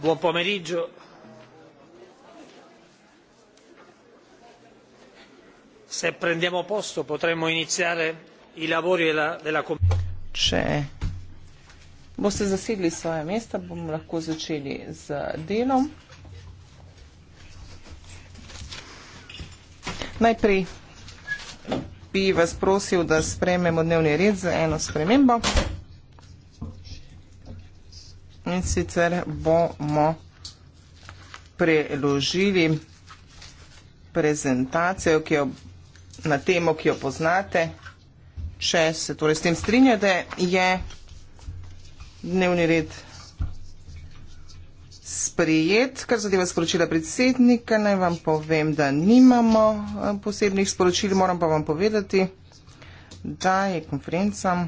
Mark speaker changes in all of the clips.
Speaker 1: buon pomeriggio se prendiamo posto potremmo iniziare i lavori della della commissione
Speaker 2: c'è boste zasedli svoja mesta bomo lahko začeli z delom najprej bi vas prosil da sprejmemo dnevni red z eno spremembo in sicer bomo preložili prezentacijo, ki jo na temo, ki jo poznate, če se torej s tem strinjate, je dnevni red sprijet, kar zadeva sporočila predsednika, naj vam povem, da nimamo eh, posebnih sporočil, moram pa vam povedati, da je konferencam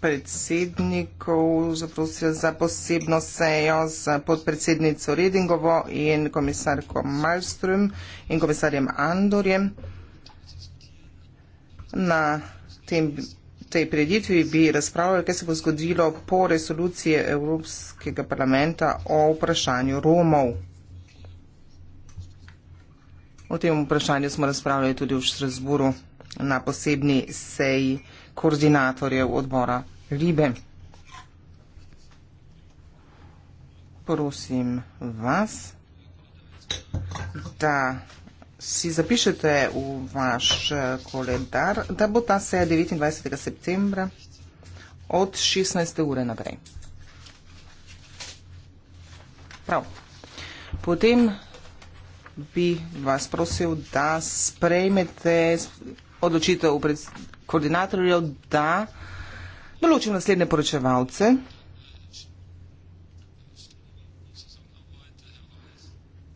Speaker 2: predsednikov zaprosil za posebno sejo z podpredsednico Redingovo in komisarko Malström in komisarjem Andorjem. Na tem, tej preditvi bi razpravljali, kaj se bo zgodilo po resoluciji Evropskega parlamenta o vprašanju Romov. O tem vprašanju smo razpravljali tudi v Štrasburu na posebni seji koordinatorjev odbora Ribe. Prosim vas, da si zapišete v vaš eh, koledar, da bo ta seja 29. septembra od 16. ure naprej. Prav. Potem bi vas prosil, da sprejmete odločitev koordinatorjev, da določim naslednje poročevalce.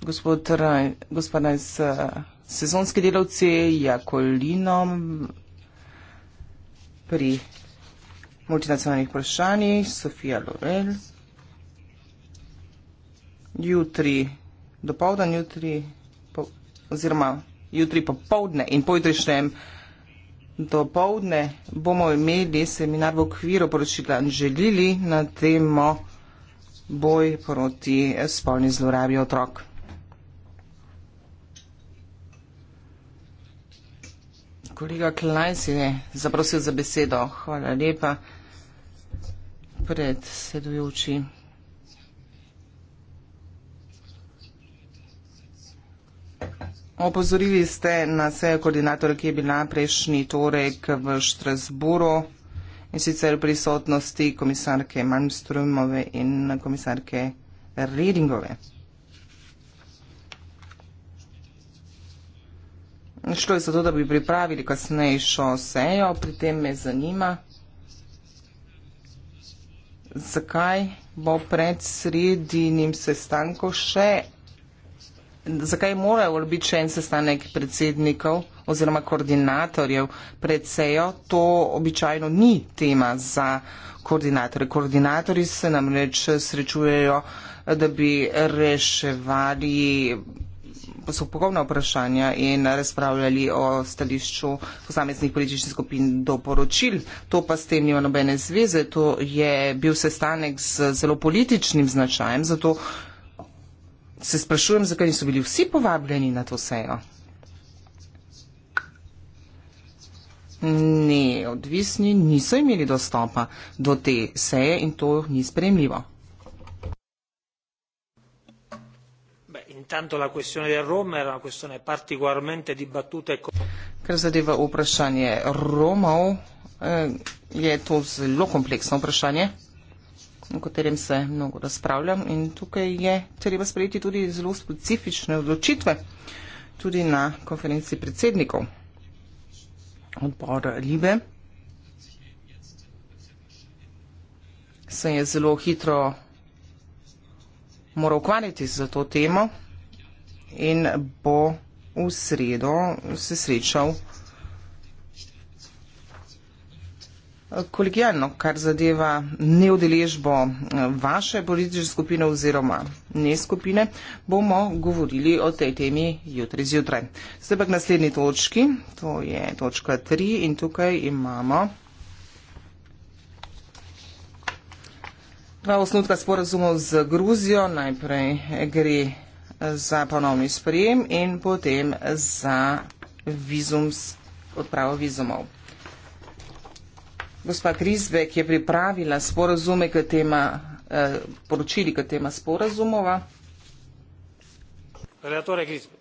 Speaker 2: Gospod Raj, gospod Raj, sezonski delavci, Jakolinom pri multinacionalnih vprašanjih, Sofija Lorel, jutri, do povdan jutri, oziroma vprašanje, jutri popovdne in pojutrišnjem dopovdne bomo imeli seminar v okviru poročila Anželili na temo boj proti spolni zlorabi otrok. Kolega Klajs je zaprosil za besedo. Hvala lepa predsedujoči. Opozorili ste na sejo koordinatorja, ki je bila prejšnji torek v Štrasburu in sicer v prisotnosti komisarke Malmstrumove in komisarke Redingove. Šlo je za to, da bi pripravili kasnejšo sejo, pri tem me zanima, zakaj bo pred sredinim sestankom še zakaj morajo biti še en sestanek predsednikov oziroma koordinatorjev pred sejo, to običajno ni tema za koordinatorje. Koordinatorji se namreč srečujejo, da bi reševali postopkovna vprašanja in razpravljali o stališču posameznih političnih skupin do poročil. To pa s tem nima nobene zveze, to je bil sestanek z zelo političnim značajem, zato se sprašujem, zakaj niso bili vsi povabljeni na to sejo. Ne, odvisni niso imeli dostopa do te seje in to ni spremljivo. Ker e zadeva vprašanje Romov, eh, je to zelo kompleksno vprašanje o katerem se mnogo razpravljam in tukaj je treba sprejeti tudi zelo specifične odločitve, tudi na konferenci predsednikov odbora Libe. Se je zelo hitro moral ukvarjati za to temo in bo v sredo se srečal kolegijalno, kar zadeva neodeležbo eh, vaše politične skupine oziroma ne skupine, bomo govorili o tej temi jutri zjutraj. Zdaj pa k naslednji točki, to je točka 3 in tukaj imamo dva osnutka sporazumov z Gruzijo. Najprej gre za ponovni sprejem in potem za vizums, odpravo vizumov. Gospa Krizbe, ki je pripravila sporozume, k tema, eh, poročili k tema sporozumova.
Speaker 1: Relatore Krizbe.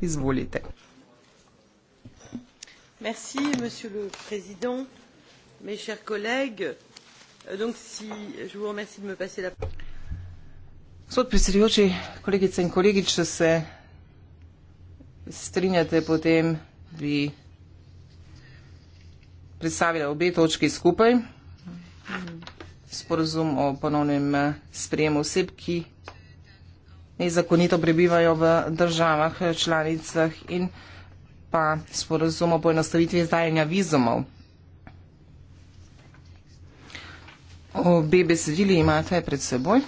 Speaker 2: Izvolite. Merci, monsieur le président, mes chers collègues. Donc, si je vous remercie de me passer la parole. Gospod predsedujoči, kolegice in kolegi, če se strinjate, potem bi predstavila obe točki skupaj. Sporozum o ponovnem eh, sprejemu oseb, ki nezakonito prebivajo v državah, eh, članicah in pa sporozum o poenostavitvi izdajanja vizumov. Obe besedili imate pred seboj.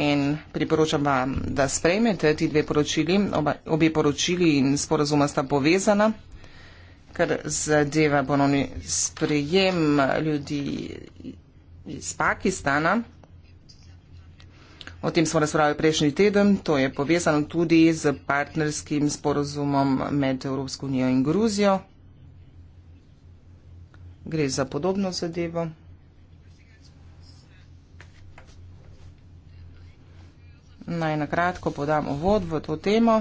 Speaker 2: in priporočam vam, da sprejmete ti dve poročili. Oba, obe poročili in sporazuma sta povezana, ker zadeva ponovni sprejem ljudi iz Pakistana. O tem smo razpravljali prejšnji teden, to je povezano tudi z partnerskim sporozumom med Evropsko unijo in Gruzijo. Gre za podobno zadevo. naj nakratko podam uvod v to temo.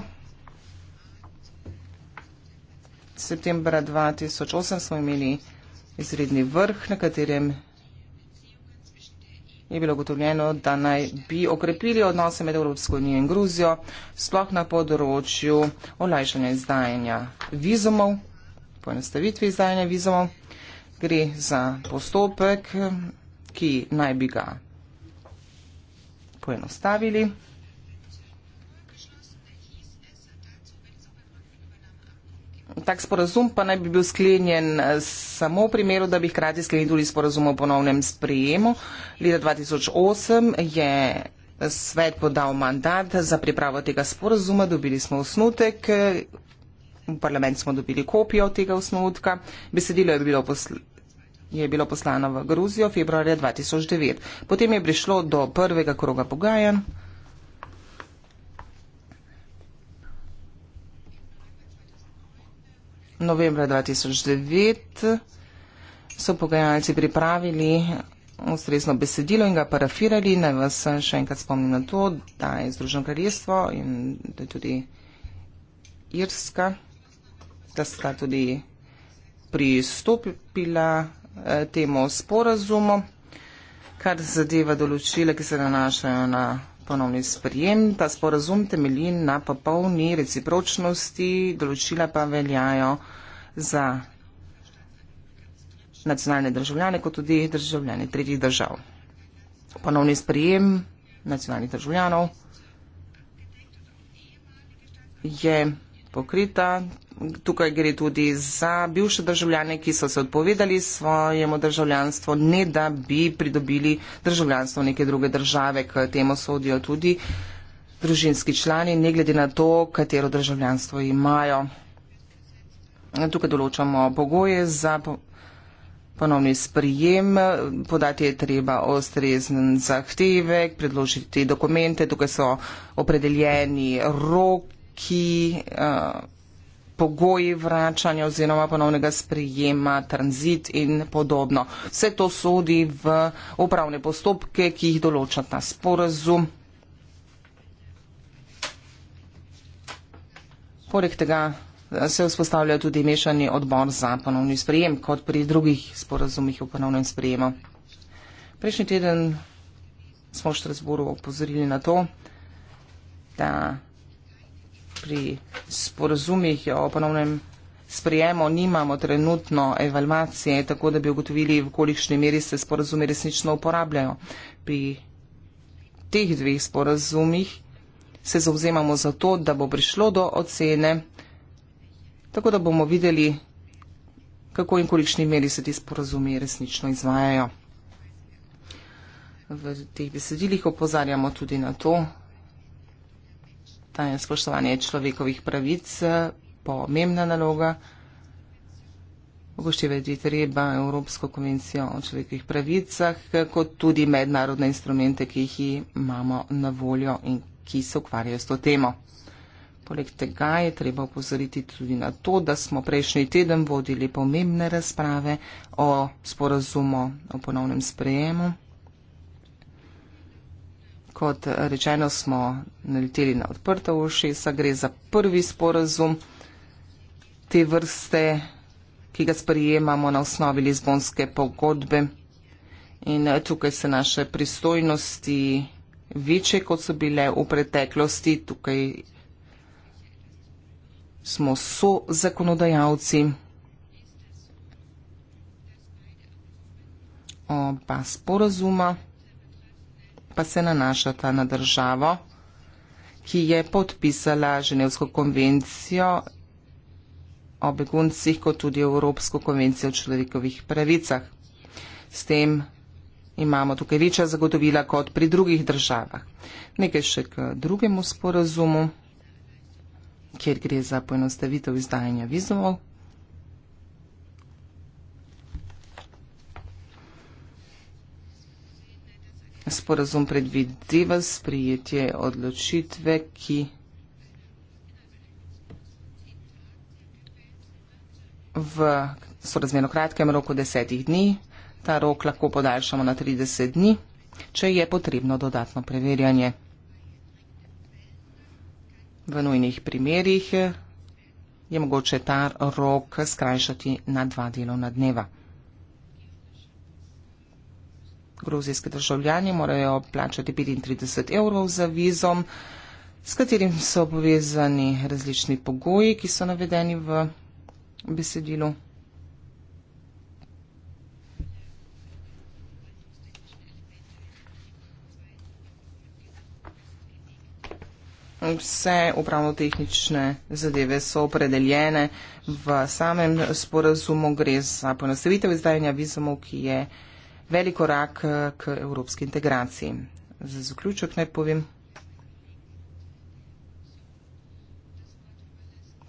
Speaker 2: Septembra 2008 smo imeli izredni vrh, na katerem je bilo gotovljeno, da naj bi okrepili odnose med Evropsko unijo in Gruzijo, sploh na področju olajšanja izdajanja vizumov, poenostavitve izdajanja vizumov. Gre za postopek, ki naj bi ga poenostavili. Tak sporazum pa naj bi bil sklenjen eh, samo v primeru, da bi hkrati sklenili tudi sporazum o ponovnem sprejemu. Leta 2008 je svet podal mandat za pripravo tega sporazuma, dobili smo osnutek, eh, v parlament smo dobili kopijo tega osnutka, besedilo je bilo, posl je bilo poslano v Gruzijo februarja 2009. Potem je prišlo do prvega kroga pogajanj. novembra 2009 so pogajalci pripravili ustrezno besedilo in ga parafirali. Naj vas še enkrat spomnim na to, da je Združeno kraljestvo in da je tudi Irska, da sta tudi pristopila eh, temu sporazumu, kar zadeva določila, ki se nanašajo na ponovni sprijem. Ta sporazum temelji na popolni recipročnosti, določila pa veljajo za nacionalne državljane, kot tudi državljane tretjih držav. Ponovni sprijem nacionalnih državljanov je pokrita. Tukaj gre tudi za bivše državljane, ki so se odpovedali svojemu državljanstvu, ne da bi pridobili državljanstvo neke druge države, k temu sodijo tudi družinski člani, ne glede na to, katero državljanstvo imajo. Tukaj določamo pogoje za ponovni sprijem, podati je treba ostrezen zahtevek, predložiti dokumente, tukaj so opredeljeni roki ki eh, pogoji vračanja oziroma ponovnega sprijema, tranzit in podobno. Vse to sodi v upravne postopke, ki jih določa ta sporazum. Poleg tega eh, se vzpostavlja tudi mešani odbor za ponovni sprijem, kot pri drugih sporazumih o ponovnem sprijemu. Prejšnji teden smo v Štrasburu opozorili na to, da pri sporozumih o ponovnem sprijemu nimamo trenutno evalvacije, tako da bi ugotovili, v kolikšni meri se sporozumi resnično uporabljajo. Pri teh dveh sporozumih se zauzemamo za to, da bo prišlo do ocene, tako da bomo videli, kako in kolikšni meri se ti sporozumi resnično izvajajo. V teh besedilih opozarjamo tudi na to, spoštovanje človekovih pravic eh, pomembna naloga. Upoštevati treba Evropsko konvencijo o človekovih pravicah, eh, kot tudi mednarodne instrumente, ki jih imamo na voljo in ki se ukvarjajo s to temo. Poleg tega je treba upozoriti tudi na to, da smo prejšnji teden vodili pomembne razprave o sporazumu o ponovnem sprejemu. Kot rečeno smo naleteli na odprta ušesa, gre za prvi sporazum te vrste, ki ga sprejemamo na osnovi Lizbonske pogodbe. In eh, tukaj se naše pristojnosti večje, kot so bile v preteklosti, tukaj smo so zakonodajalci. Oba sporazuma pa se nanašata na državo, ki je podpisala Ženevsko konvencijo o beguncih, kot tudi Evropsko konvencijo o človekovih pravicah. S tem imamo tukaj večja zagotovila kot pri drugih državah. Nekaj še k drugemu sporazumu, kjer gre za poenostavitev izdajanja vizumov. Sporazum predvideva sprijetje odločitve, ki v sorazmerno kratkem roku desetih dni, ta rok lahko podaljšamo na 30 dni, če je potrebno dodatno preverjanje. V nujnih primerjih je mogoče ta rok skrajšati na dva delovna dneva. Gruzijski državljani morajo plačati 35 evrov za vizom, s katerim so povezani različni pogoji, ki so navedeni v besedilu. Vse upravno-tehnične zadeve so opredeljene v samem sporazumu. Gre za ponastavitev izdajanja vizumov, ki je velik korak eh, k evropski integraciji. Za zaključek naj povem,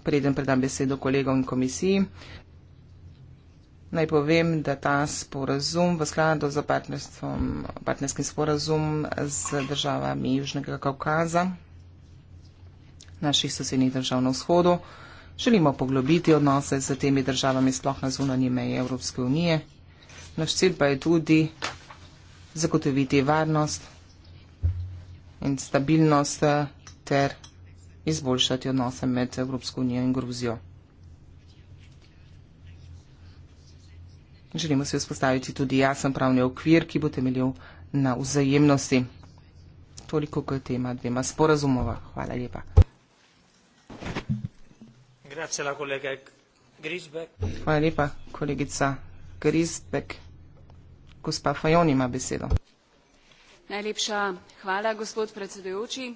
Speaker 2: preden predam besedo kolegom in komisiji, naj povem, da ta sporazum v skladu z partnerskim sporazum z državami Južnega Kaukaza, naših sosednjih držav na vzhodu, želimo poglobiti odnose z temi državami sploh na zunanji meji Evropske unije naš cilj pa je tudi zagotoviti varnost in stabilnost eh, ter izboljšati odnose med Evropsko unijo in Gruzijo. Želimo se vzpostaviti tudi jasen pravni okvir, ki bo temeljil na vzajemnosti. Toliko kot tema dvema sporazumova. Hvala lepa. Hvala lepa, kolegica Grisbeck. Gospa Fajon ima besedo.
Speaker 3: Najlepša hvala, gospod predsedujoči.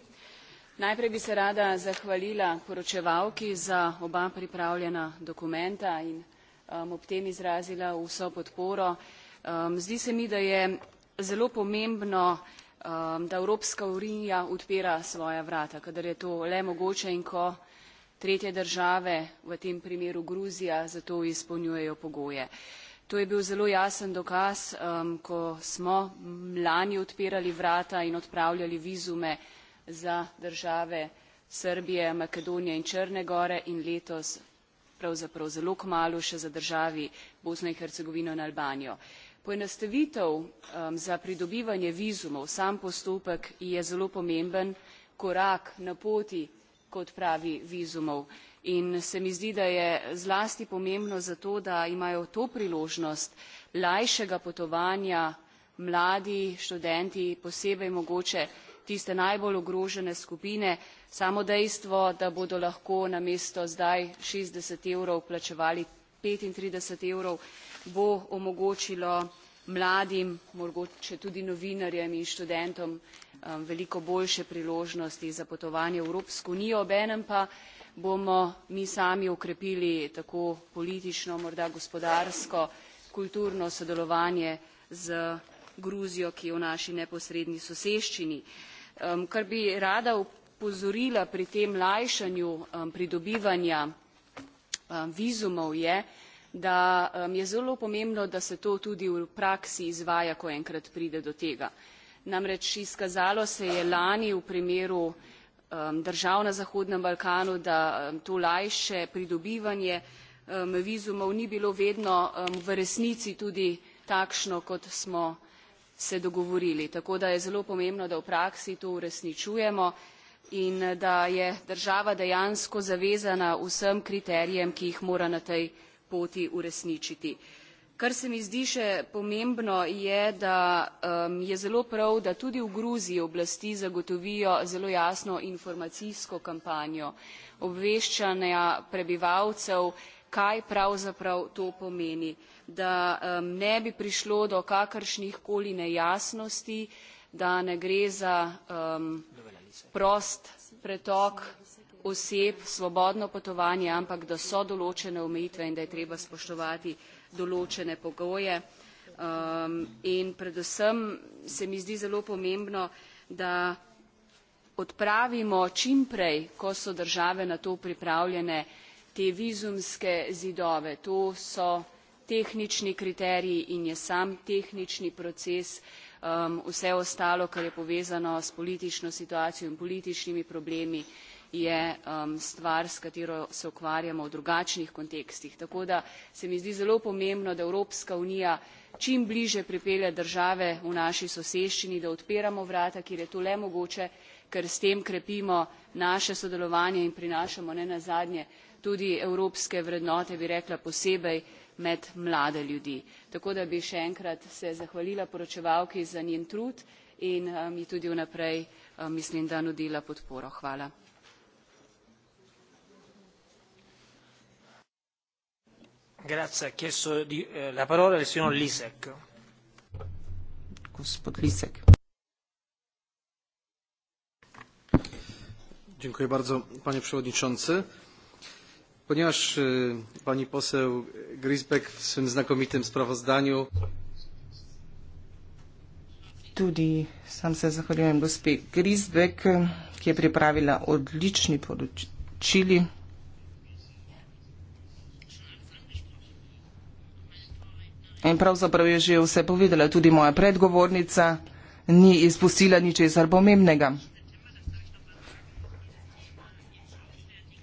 Speaker 3: Najprej bi se rada zahvalila poročevalki za oba pripravljena dokumenta in um, ob tem izrazila vso podporo. Um, zdi se mi, da je zelo pomembno, um, da Evropska unija odpira svoja vrata, kadar je to le mogoče in ko tretje države, v tem primeru Gruzija, za to izpolnjujejo pogoje. Uh, To je bil zelo jasen dokaz, um, ko smo lani odpirali vrata in odpravljali vizume za države Srbije, Makedonije in Črne gore in letos pravzaprav zelo kmalo še za državi Bosno in Hercegovino in Albanijo. Poenostavitev um, za pridobivanje vizumov, sam postopek je zelo pomemben korak na poti, kot pravi, vizumov in se mi zdi da je zlasti pomembno zato da imajo to priložnost lajšega potovanja mladi študenti posebej mogoče tiste najbolj ogrožene skupine samo dejstvo da bodo lahko namesto zdaj šestdeset evrov plačevali petintrideset evrov bo omogočilo mladim mogoče tudi novinarjem in študentom eh, veliko boljše priložnosti za potovanje v evropsko unijo obenem pa bomo mi sami okrepili tako politično morda gospodarsko kulturno sodelovanje z gruzijo ki je v naši neposredni soseščini. kar bi rada opozorila pri tem lajšanju pridobivanja vizumov je da je zelo pomembno da se to tudi v praksi izvaja ko enkrat pride do tega. namreč izkazalo se je lani v primeru Um, držav na zahodnem balkanu da um, to lajše pridobivanje um, vizumov ni bilo vedno v resnici tudi takšno kot smo se dogovorili tako da je zelo pomembno da v praksi to uresničujemo in uh, da je država dejansko zavezana vsem kriterijem ki jih mora na tej poti uresničiti kar se mi zdi še pomembno je da um, je zelo prav da tudi v gruziji oblasti zagotovijo zelo jasno informacijsko kampanjo obveščanja prebivalcev kaj pravzaprav to pomeni da um, ne bi prišlo do kakršnih koli nejasnosti da ne gre za um, prost pretok oseb svobodno potovanje ampak da so določene omejitve in da je treba spoštovati določene pogoje. Um, in predvsem se mi zdi zelo pomembno, da odpravimo čim prej, ko so države na to pripravljene, te vizumske zidove. To so tehnični kriteriji in je sam tehnični proces. Um, vse ostalo, kar je povezano s politično situacijo in političnimi problemi, uh, je um, stvar, s katero se ukvarjamo v drugačnih kontekstih. Tako da se mi zdi zelo pomembno, da Evropska unija čim bliže pripelje države v naši soseščini, da odpiramo vrata, kjer je to le mogoče, ker s tem krepimo naše sodelovanje in prinašamo ne na zadnje tudi evropske vrednote, bi rekla posebej med mlade ljudi. Tako da bi še enkrat se zahvalila poročevalki za njen trud in mi um, tudi vnaprej um, mislim, da nudila podporo. Hvala.
Speaker 1: Eh, panie przewodniczący! ponieważ e, pani poseł griesbeck w swoim znakomitym
Speaker 2: sprawozdaniu tudi sam se zahvaljujem gospe griesbeck ki je pripravila odlično poročilo In pravzaprav je že vse povedala tudi moja predgovornica, ni izpustila ničesar pomembnega.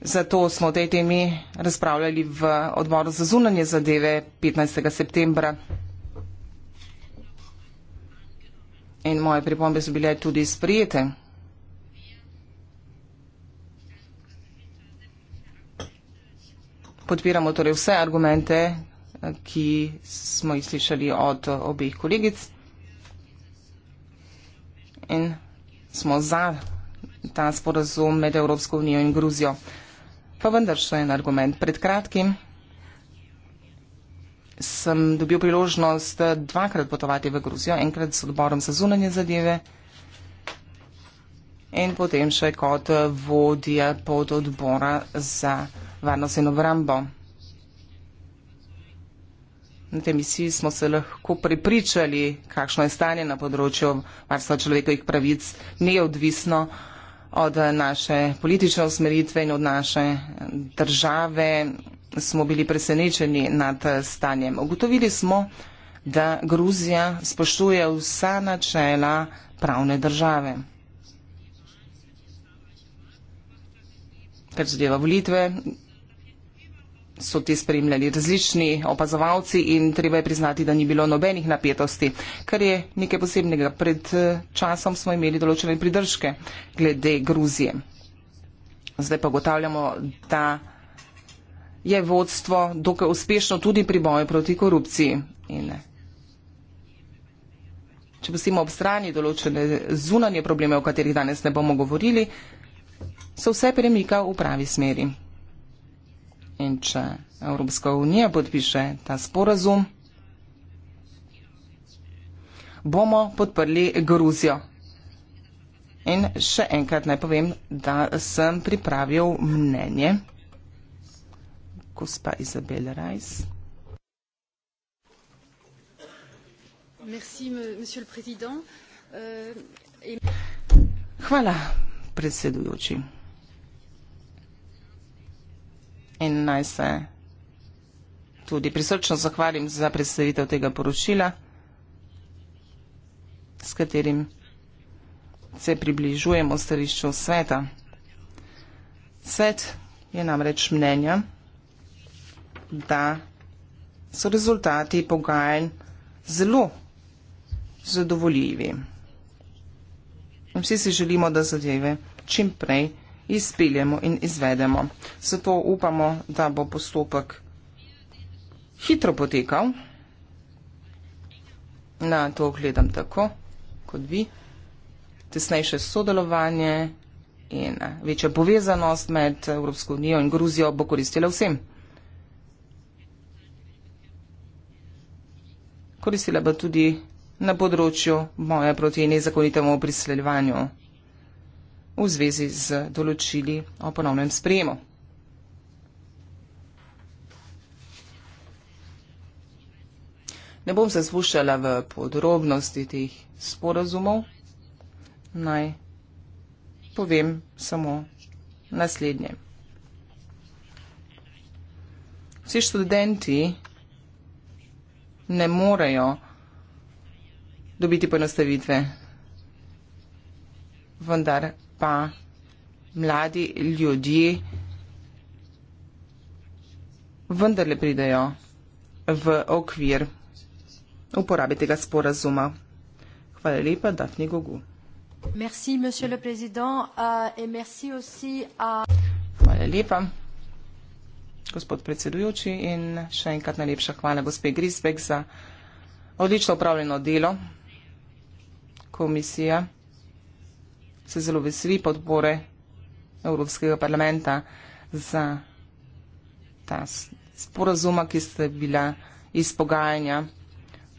Speaker 2: Zato smo o tej temi razpravljali v odboru za zunanje zadeve 15. septembra. In moje pripombe so bile tudi sprijete. Podpiramo torej vse argumente, ki smo jih slišali od obeh kolegic. In smo za ta sporazum med Evropsko unijo in Gruzijo. Pa vendar še en argument. Pred kratkim sem dobil priložnost dvakrat potovati v Gruzijo, enkrat s odborom za zunanje zadeve in potem še kot vodja pod odbora za varnost in obrambo. Na tej misiji smo se lahko prepričali, kakšno je stanje na področju varstva človekovih pravic, neodvisno od naše politične usmeritve in od naše države. Smo bili presenečeni nad stanjem. Ugotovili smo, da Gruzija spoštuje vsa načela pravne države. Kar zadeva volitve, so te spremljali različni opazovalci in treba je priznati, da ni bilo nobenih napetosti, kar je nekaj posebnega. Pred eh, časom smo imeli določene pridržke glede Gruzije. Zdaj pa gotavljamo, da je vodstvo dokaj uspešno tudi pri boju proti korupciji. In eh, če pustimo ob strani določene zunanje probleme, o katerih danes ne bomo govorili, se vse premika v pravi smeri in če Evropska unija podpiše ta sporazum, bomo podprli Gruzijo. In še enkrat naj povem, da sem pripravil mnenje. Gospa Izabel Rajs.
Speaker 4: Euh,
Speaker 2: Hvala, predsedujoči in naj se tudi prisrčno zahvalim za predstavitev tega poročila, s katerim se približujemo stališču sveta. Svet je namreč mnenja, da so rezultati pogajanj zelo zadovoljivi. Vsi si želimo, da zadeve čim prej izpeljemo in izvedemo. Zato upamo, da bo postopek hitro potekal. Na to gledam tako, kot vi. Tesnejše sodelovanje in večja povezanost med Evropsko unijo in Gruzijo bo koristila vsem. Koristila bo tudi na področju moje proti nezakonitemu priseljevanju v zvezi z določili o ponovnem sprejemu. Ne bom se spuščala v podrobnosti teh sporazumov, naj povem samo naslednje. Vsi študenti ne morejo dobiti ponastavitve, vendar pa mladi ljudje vendarle pridejo v okvir uporabe tega sporazuma. Hvala lepa, Dafni Gogu.
Speaker 4: Merci, monsieur le président, uh, et merci aussi à...
Speaker 2: Hvala lepa, gospod predsedujoči in še enkrat najlepša hvala gospe Grisbek za odlično upravljeno delo. Komisija se zelo veseli podpore Evropskega parlamenta za ta sporazuma, ki ste bila izpogajanja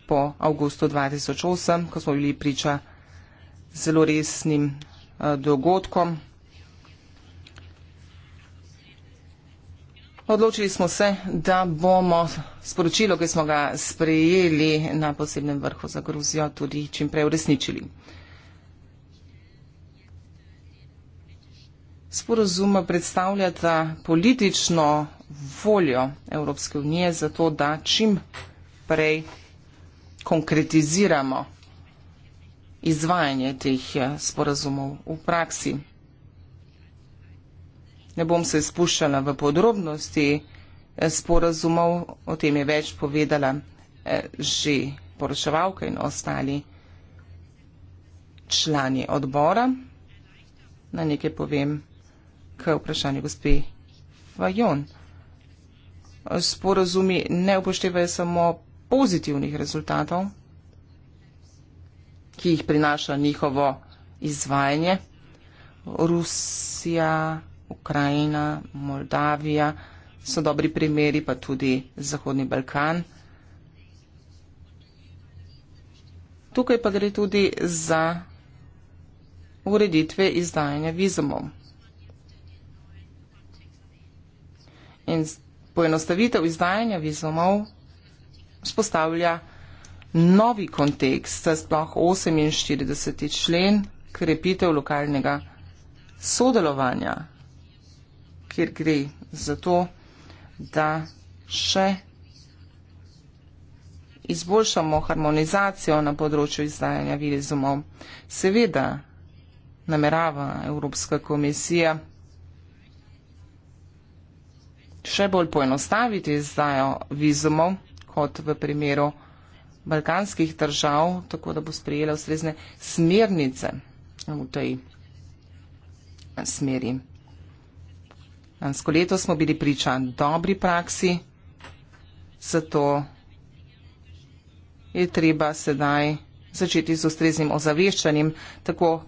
Speaker 2: po avgustu 2008, ko smo bili priča zelo resnim eh, dogodkom. Odločili smo se, da bomo sporočilo, ki smo ga sprejeli na posebnem vrhu za Gruzijo, tudi čimprej uresničili. sporozuma predstavljata politično voljo Evropske unije za to, da čim prej konkretiziramo izvajanje teh eh, sporozumov v praksi. Ne bom se spuščala v podrobnosti eh, sporozumov, o tem je več povedala eh, že poročevalka in ostali člani odbora. Na nekaj povem k vprašanju gospe Fajon. Sporazumi ne upoštevajo samo pozitivnih rezultatov, ki jih prinaša njihovo izvajanje. Rusija, Ukrajina, Moldavija so dobri primeri, pa tudi Zahodni Balkan. Tukaj pa gre tudi za ureditve izdajanja vizumov. in poenostavitev izdajanja vizumov spostavlja novi kontekst, sploh 48. člen, krepitev lokalnega sodelovanja, kjer gre za to, da še izboljšamo harmonizacijo na področju izdajanja vizumov. Seveda namerava Evropska komisija še bolj poenostaviti izdajo vizumov, kot v primeru balkanskih držav, tako da bo sprejela ustrezne smernice v tej smeri. Lansko leto smo bili priča dobri praksi, zato je treba sedaj začeti z ustreznim ozaveščanjem, tako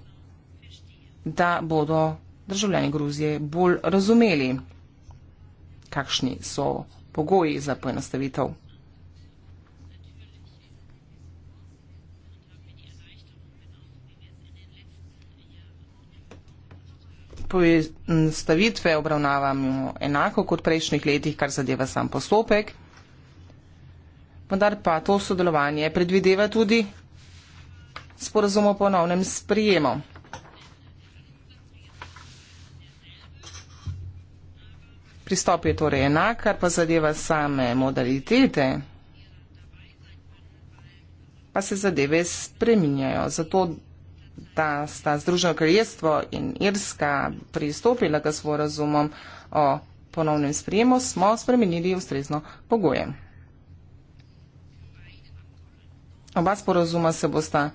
Speaker 2: da bodo državljani Gruzije bolj razumeli kakšni so pogoji za poenostavitev. Poenostavitve obravnavamo enako kot v prejšnjih letih, kar zadeva sam postopek, vendar pa to sodelovanje predvideva tudi sporazum o ponovnem sprijemu. Pristop je torej enak, kar pa zadeva same modalitete, pa se zadeve spreminjajo. Zato, da sta Združeno kraljestvo in Irska pristopila k sporazumom o ponovnem sprejemu, smo spremenili ustrezno pogoje. Oba sporazuma se bosta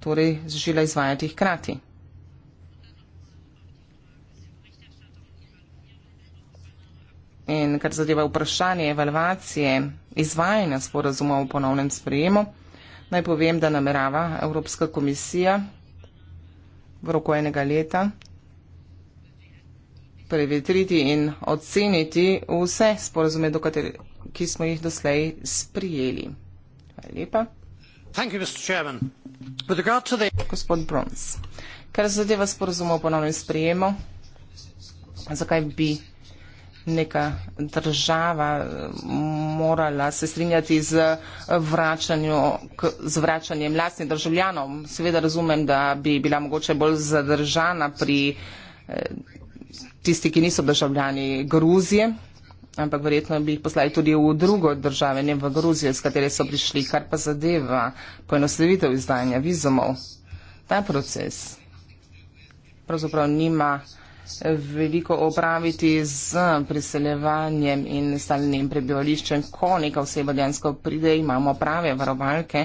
Speaker 2: torej zžila izvajati hkrati. In kar zadeva vprašanje evalvacije izvajanja sporazuma o ponovnem sprejemu, naj povem, da namerava Evropska komisija v roku enega leta prevetriti in oceniti vse sporazume, kateri, ki smo jih doslej sprijeli. Hvala lepa. Thank you, Mr. Chairman. With regard to the... Gospod Bruns, kar zadeva sporozumo o ponovnem sprejemu, zakaj bi neka država eh, morala se strinjati z, k, z vračanjem lastnih državljanov. Seveda razumem, da bi bila mogoče bolj zadržana pri eh, tisti, ki niso državljani Gruzije, ampak verjetno bi jih poslali tudi v drugo državo, ne v Gruzijo, z katere so prišli, kar pa zadeva poenostavitev izdajanja vizumov. Ta proces pravzaprav nima veliko opraviti z priseljevanjem in stalnim prebivališčem. Ko neka oseba dejansko pride, imamo prave varovalke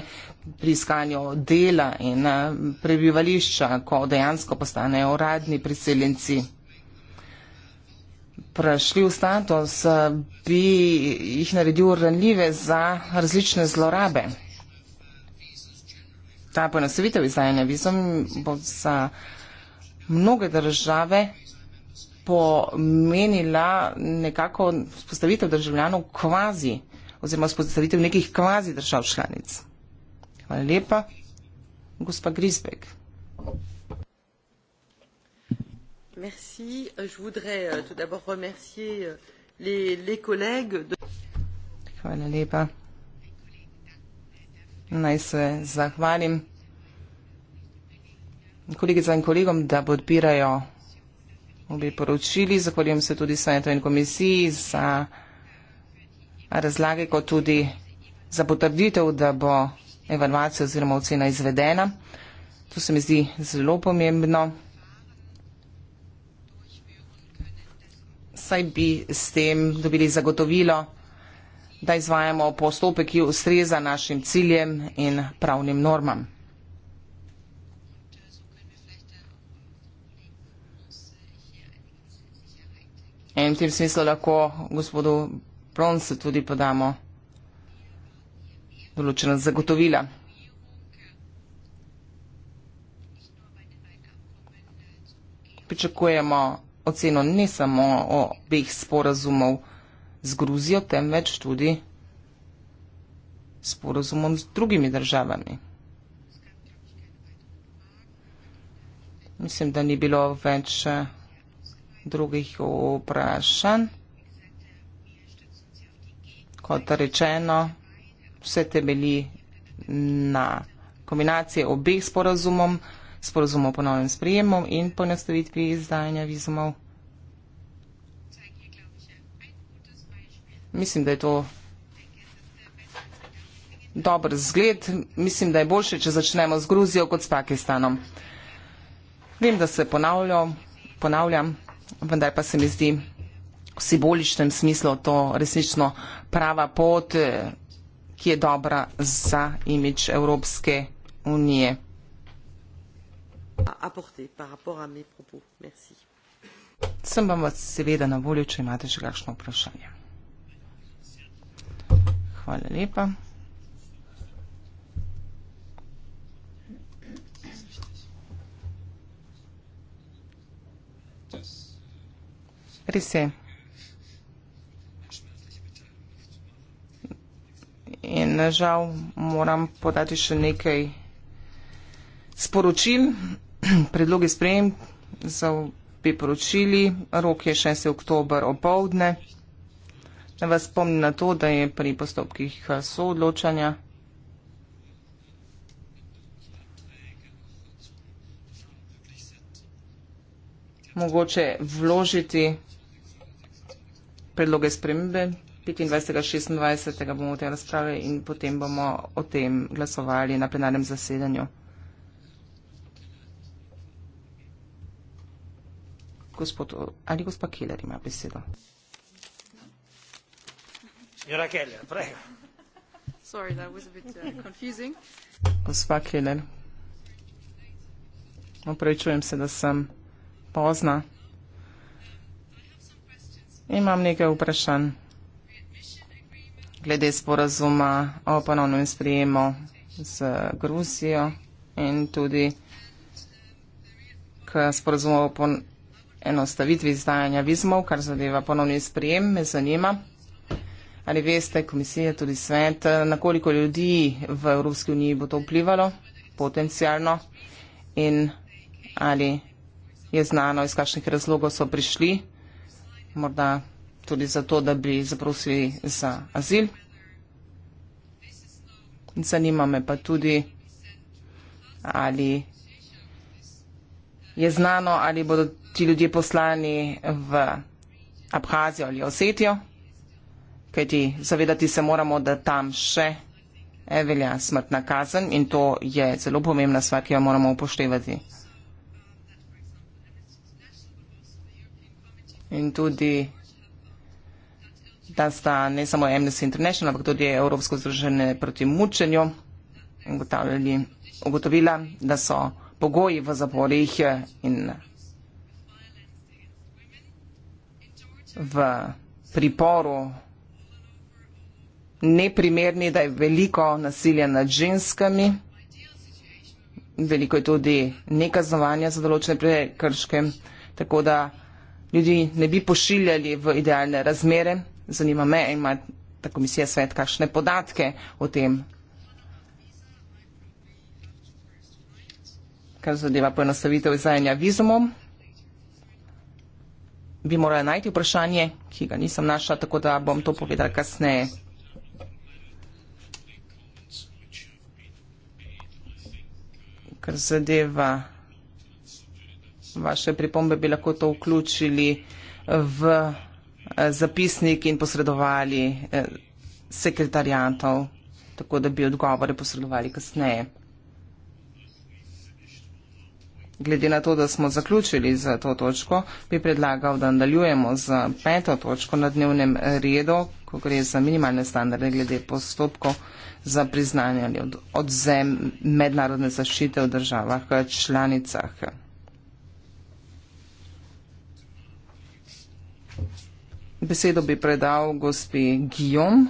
Speaker 2: pri iskanju dela in eh, prebivališča, ko dejansko postanejo uradni priseljenci. Prašljiv status eh, bi jih naredil ranljive za različne zlorabe. Ta ponosovitev izdajanja vizom bo za mnoge države pomenila nekako spostavitev državljanov kvazi oziroma spostavitev nekih kvazi držav članic. Hvala lepa. Gospa Grisbek. Merci. Je voudrais euh, tout d'abord remercier euh, les, les collègues. De... Hvala lepa. Naj se zahvalim kolegicam in kolegom, da podpirajo obi poročili. Zahvaljujem se tudi svetu in komisiji za razlage, kot tudi za potrditev, da bo evalvacija oziroma ocena izvedena. To se mi zdi zelo pomembno. Saj bi s tem dobili zagotovilo, da izvajamo postopek, ki ustreza našim ciljem in pravnim normam. In v tem smislu lahko gospodu Bronsu tudi podamo določena zagotovila. Pričakujemo oceno ne samo o obeh sporazumov z Gruzijo, temveč tudi sporazumom z drugimi državami. Mislim, da ni bilo več. Eh, drugih vprašanj. Kot rečeno, vse temelji na kombinaciji obeh sporazumov, sporazumov po novem sprejemu in poenostavitvi izdajanja vizumov. Mislim, da je to dober zgled. Mislim, da je boljše, če začnemo z Gruzijo kot s Pakistanom. Vem, da se ponavljam, ponavljam vendar pa se mi zdi v simboličnem smislu to resnično prava pot, eh, ki je dobra za imič Evropske unije. Sem vam seveda na voljo, če imate še kakšno vprašanje. Hvala lepa. Yes. Res je. In žal moram podati še nekaj sporočil, predloge sprejem za priporočili. Rok je 6. oktober opovdne. Ne vas spomnim na to, da je pri postopkih eh, soodločanja. Mogoče vložiti predloge spremembe 25.26. bomo v tej razprave in potem bomo o tem glasovali na plenarnem zasedanju. Gospod ali gospa Keller ima besedo.
Speaker 1: Jura Keller, prej. Sorry, that was a bit uh,
Speaker 5: confusing.
Speaker 2: Gospa Keller, opravičujem se, da sem pozna. Imam nekaj vprašanj glede sporazuma o ponovnem sprejemu z Gruzijo in tudi k sporazumu o enostavitvi izdajanja vizmov, kar zadeva ponovni sprejem. Me zanima, ali veste, komisija, tudi svet, na koliko ljudi v Evropski uniji bo to vplivalo potencijalno in ali je znano, iz kakšnih razlogov so prišli morda tudi zato, da bi zaprosili za azil. Zanima me pa tudi, ali je znano, ali bodo ti ljudje poslani v Abhazijo ali Osetijo, kajti zavedati se moramo, da tam še eh, velja smrtna kazen in to je zelo pomembna stvar, ki jo moramo upoštevati. in tudi da sta ne samo Amnesty International, ampak tudi Evropsko združenje proti mučenju ugotovila, da so pogoji v zaporih in v priporu neprimerni, da je veliko nasilja nad ženskami, veliko je tudi nekaznovanja za določene prekrške, tako da ljudi ne bi pošiljali v idealne razmere. Zanima me, ima ta komisija svet kakšne podatke o tem, kar zadeva poenostavitev izdajanja vizumov. Bi morala najti vprašanje, ki ga nisem našla, tako da bom to povedala kasneje. Kar zadeva vaše pripombe, bi lahko to vključili v eh, zapisnik in posredovali eh, sekretarjantov, tako da bi odgovore posredovali kasneje. Glede na to, da smo zaključili za to točko, bi predlagal, da nadaljujemo z peto točko na dnevnem redu, ko gre za minimalne standarde glede postopkov za priznanje ali odzem mednarodne zaščite v državah eh, članicah. Besedo bi predal gospe Gijom,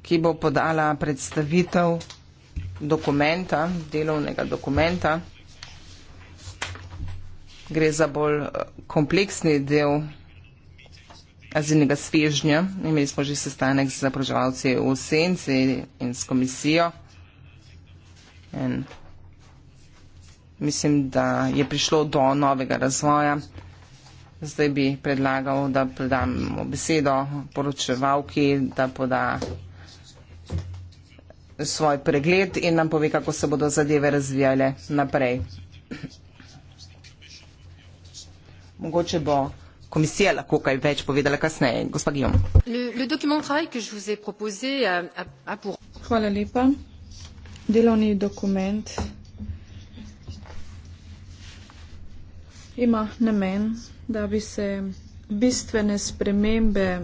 Speaker 2: ki bo podala predstavitev dokumenta, delovnega dokumenta. Gre za bolj eh, kompleksni del azilnega svežnja. Imeli smo že sestanek z zaproževalci v Senci in s komisijo. In mislim, da je prišlo do novega razvoja. Zdaj bi predlagal, da predamo besedo poročevalki, da poda svoj pregled in nam pove, kako se bodo zadeve razvijale naprej. Mogoče bo komisija lahko kaj več povedala kasneje. Gospa Gijom.
Speaker 4: Hvala lepa.
Speaker 5: Delovni dokument ima namen da bi se bistvene spremembe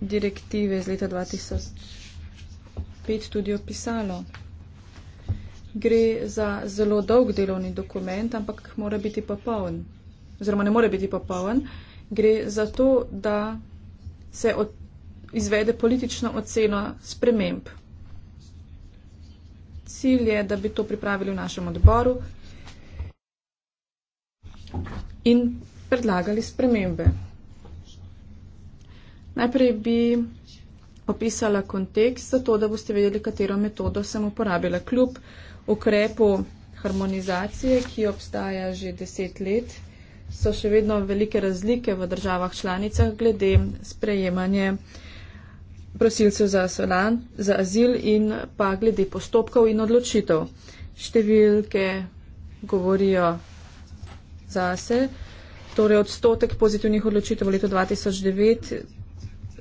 Speaker 5: direktive iz leta 2005 tudi opisalo. Gre za zelo dolg delovni dokument, ampak mora biti popoln. Oziroma ne more biti popoln. Gre za to, da se izvede politično oceno sprememb. Cilj je, da bi to pripravili v našem odboru. In predlagali spremembe. Najprej bi opisala kontekst, zato da boste vedeli, katero metodo sem uporabila. Kljub ukrepu harmonizacije, ki obstaja že deset let, so še vedno velike razlike v državah članicah glede sprejemanja prosilcev za, solan, za azil in pa glede postopkov in odločitev. Številke govorijo zase torej odstotek pozitivnih odločitev v letu 2009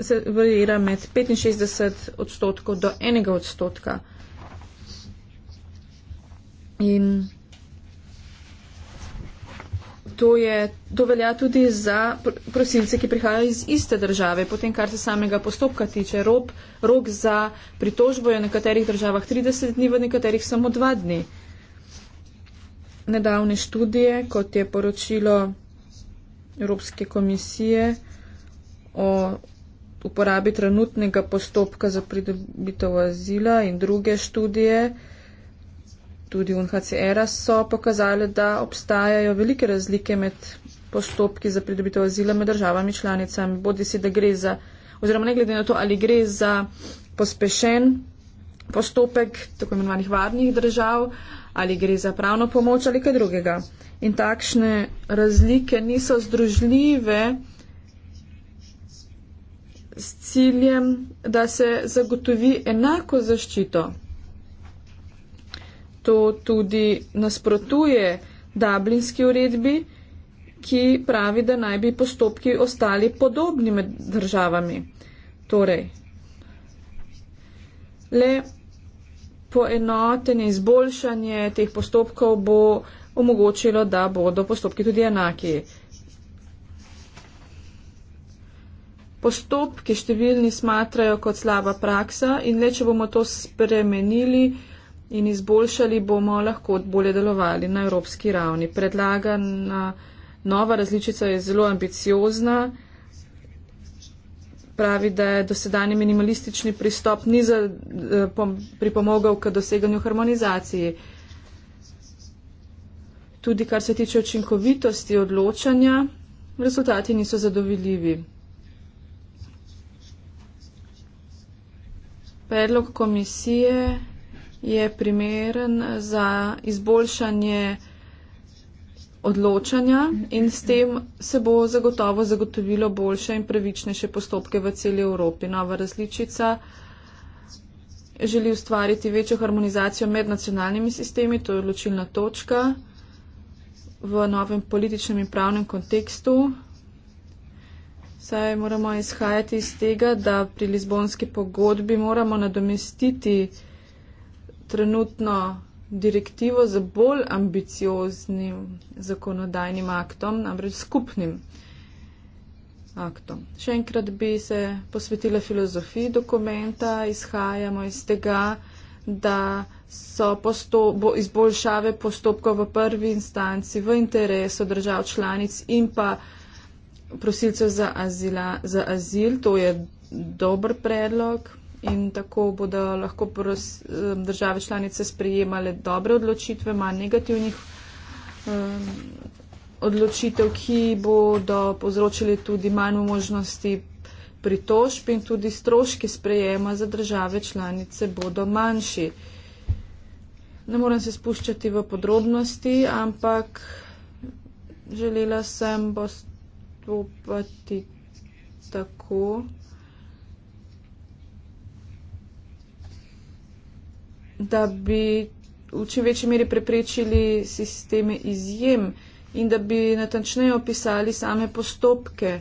Speaker 5: se varira med 65 odstotkov do enega odstotka. In to, je, to velja tudi za prosilce, ki prihajajo iz iste države. Potem, kar se samega postopka tiče, rob, rok za pritožbo je v nekaterih državah 30 dni, v nekaterih samo 2 dni. Nedavne študije, kot je poročilo Evropske komisije o uporabi trenutnega postopka za pridobitev azila in druge študije, tudi UNHCR-a, so pokazali, da obstajajo velike razlike med postopki za pridobitev azila med državami članicami, bodi si, da gre za, oziroma ne glede na to, ali gre za pospešen postopek tako imenovanih varnih držav, ali gre za pravno pomoč ali kaj drugega in takšne razlike niso združljive s ciljem, da se zagotovi enako zaščito. To tudi nasprotuje Dublinski uredbi, ki pravi, da naj bi postopki ostali podobni med državami. Torej, le poenotenje, izboljšanje teh postopkov bo omogočilo, da bodo postopki tudi enaki. Postopki številni smatrajo kot slaba praksa in le, če bomo to spremenili in izboljšali, bomo lahko bolje delovali na evropski ravni. Predlagana nova različica je zelo ambiciozna. Pravi, da je dosedani minimalistični pristop ni eh, pripomogel k doseganju harmonizaciji. Tudi kar se tiče učinkovitosti odločanja, rezultati niso zadovoljivi. Predlog komisije je primeren za izboljšanje odločanja in s tem se bo zagotovo zagotovilo boljše in pravičnejše postopke v celi Evropi. Nova različica želi ustvariti večjo harmonizacijo med nacionalnimi sistemi, to je odločilna točka v novem političnem in pravnem kontekstu. Saj moramo izhajati iz tega, da pri Lizbonski pogodbi moramo nadomestiti trenutno direktivo z bolj ambicioznim zakonodajnim aktom, namreč skupnim aktom. Še enkrat bi se posvetila filozofiji dokumenta. Izhajamo iz tega, da so postopo, izboljšave postopkov v prvi instanci v interesu držav članic in pa prosilcev za, azila, za azil. To je dober predlog in tako bodo lahko pros, eh, države članice sprejemale dobre odločitve, manj negativnih um, odločitev, ki bodo povzročili tudi manj možnosti pritožb in tudi stroški sprejema za države članice bodo manjši ne morem se spuščati v podrobnosti, ampak želela sem postopati tako, da bi v čim večji meri preprečili sisteme izjem in da bi natančneje opisali same postopke.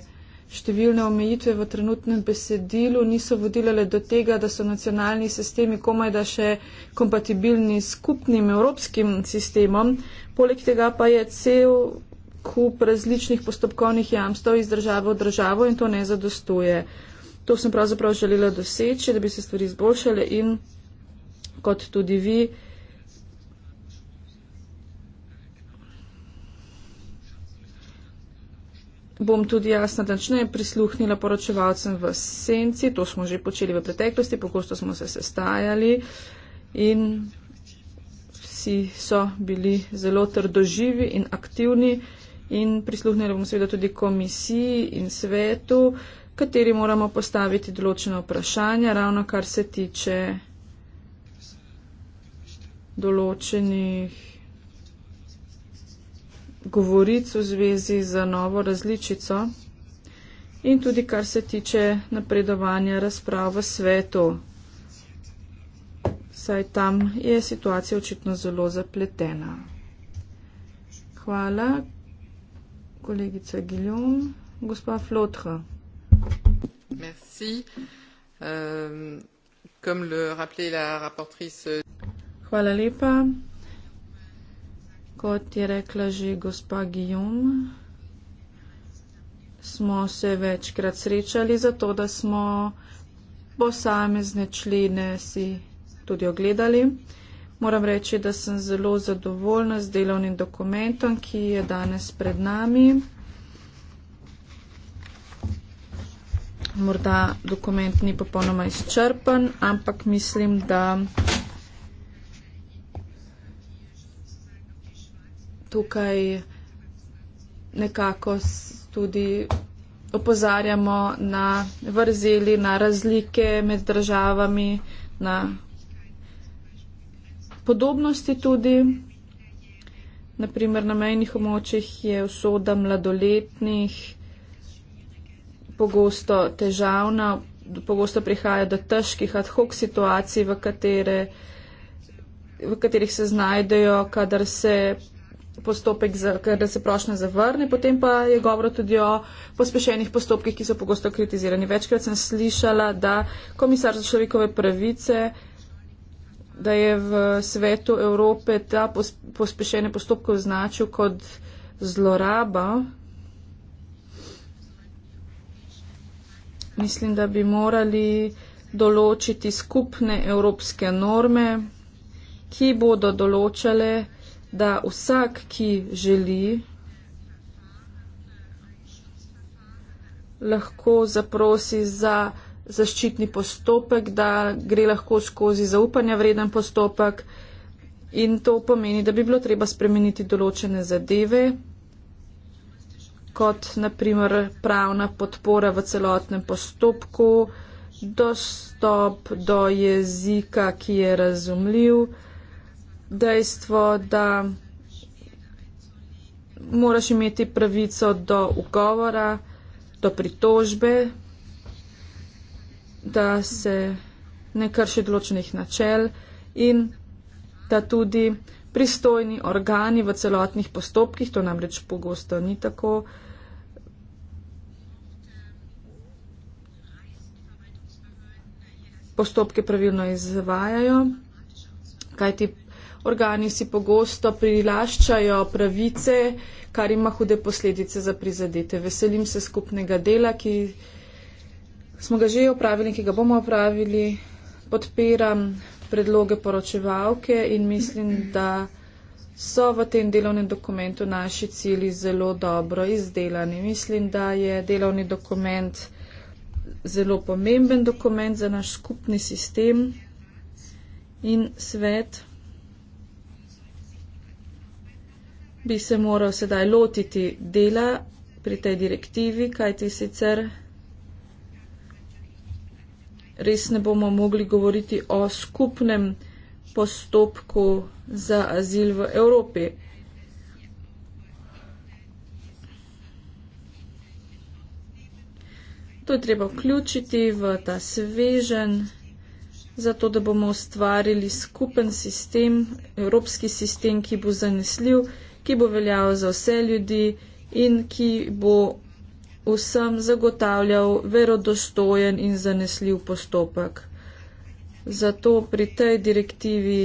Speaker 5: Številne omejitve v trenutnem besedilu niso vodile le do tega, da so nacionalni sistemi komaj da še kompatibilni s skupnim evropskim sistemom. Poleg tega pa je cel kup različnih postopkovnih jamstov iz države v državo in to ne zadostuje. To sem pravzaprav želela doseči, da bi se stvari izboljšale in kot tudi vi. bom tudi jasna, da ne prisluhnila poročevalcem v senci, to smo že počeli v preteklosti, pogosto smo se sestajali in vsi so bili zelo trdoživi in aktivni in prisluhnila bom seveda tudi komisiji in svetu, kateri moramo postaviti določene vprašanja, ravno kar se tiče določenih govoric v zvezi z novo različico in tudi kar se tiče napredovanja razprav v svetu. Saj tam je situacija očitno zelo zapletena. Hvala, kolegica Giljom. Gospa Flotha.
Speaker 2: Euh,
Speaker 5: Hvala lepa kot je rekla že gospa Gijom, smo se večkrat srečali zato, da smo posamezne člene si tudi ogledali. Moram reči, da sem zelo zadovoljna z delovnim dokumentom, ki je danes pred nami. Morda dokument ni popolnoma izčrpen, ampak mislim, da. tukaj nekako tudi opozarjamo na vrzeli, na razlike med državami, na podobnosti tudi. Naprimer, na mejnih območjih je usoda mladoletnih pogosto težavna, pogosto prihaja do težkih ad hoc situacij, v, katere, v katerih se znajdejo, kadar se postopek, ker da se prošnja zavrne, potem pa je govor tudi o pospešenih postopkih, ki so pogosto kritizirani. Večkrat sem slišala, da komisar za človekove pravice, da je v svetu Evrope ta pospešene postopke označil kot zloraba. Mislim, da bi morali določiti skupne evropske norme, ki bodo določale, da vsak, ki želi, lahko zaprosi za zaščitni postopek, da gre lahko skozi zaupanja vreden postopek in to pomeni, da bi bilo treba spremeniti določene zadeve, kot naprimer pravna podpora v celotnem postopku, dostop do jezika, ki je razumljiv, dejstvo, da moraš imeti pravico do ugovora, do pritožbe, da se ne krši določenih načel in da tudi pristojni organi v celotnih postopkih, to namreč pogosto ni tako, postopke pravilno izvajajo, kajti Organi si pogosto prilaščajo pravice, kar ima hude posledice za prizadete. Veselim se skupnega dela, ki smo ga že opravili in ki ga bomo opravili. Podpiram predloge poročevalke in mislim, da so v tem delovnem dokumentu naši cili zelo dobro izdelani. Mislim, da je delovni dokument zelo pomemben dokument za naš skupni sistem in svet. bi se moral sedaj lotiti dela pri tej direktivi, kajti sicer res ne bomo mogli govoriti o skupnem postopku za azil v Evropi. To je treba vključiti v ta svežen, zato da bomo ustvarili skupen sistem, evropski sistem, ki bo zanesljiv ki bo veljal za vse ljudi in ki bo vsem zagotavljal verodostojen in zanesljiv postopek. Zato pri tej direktivi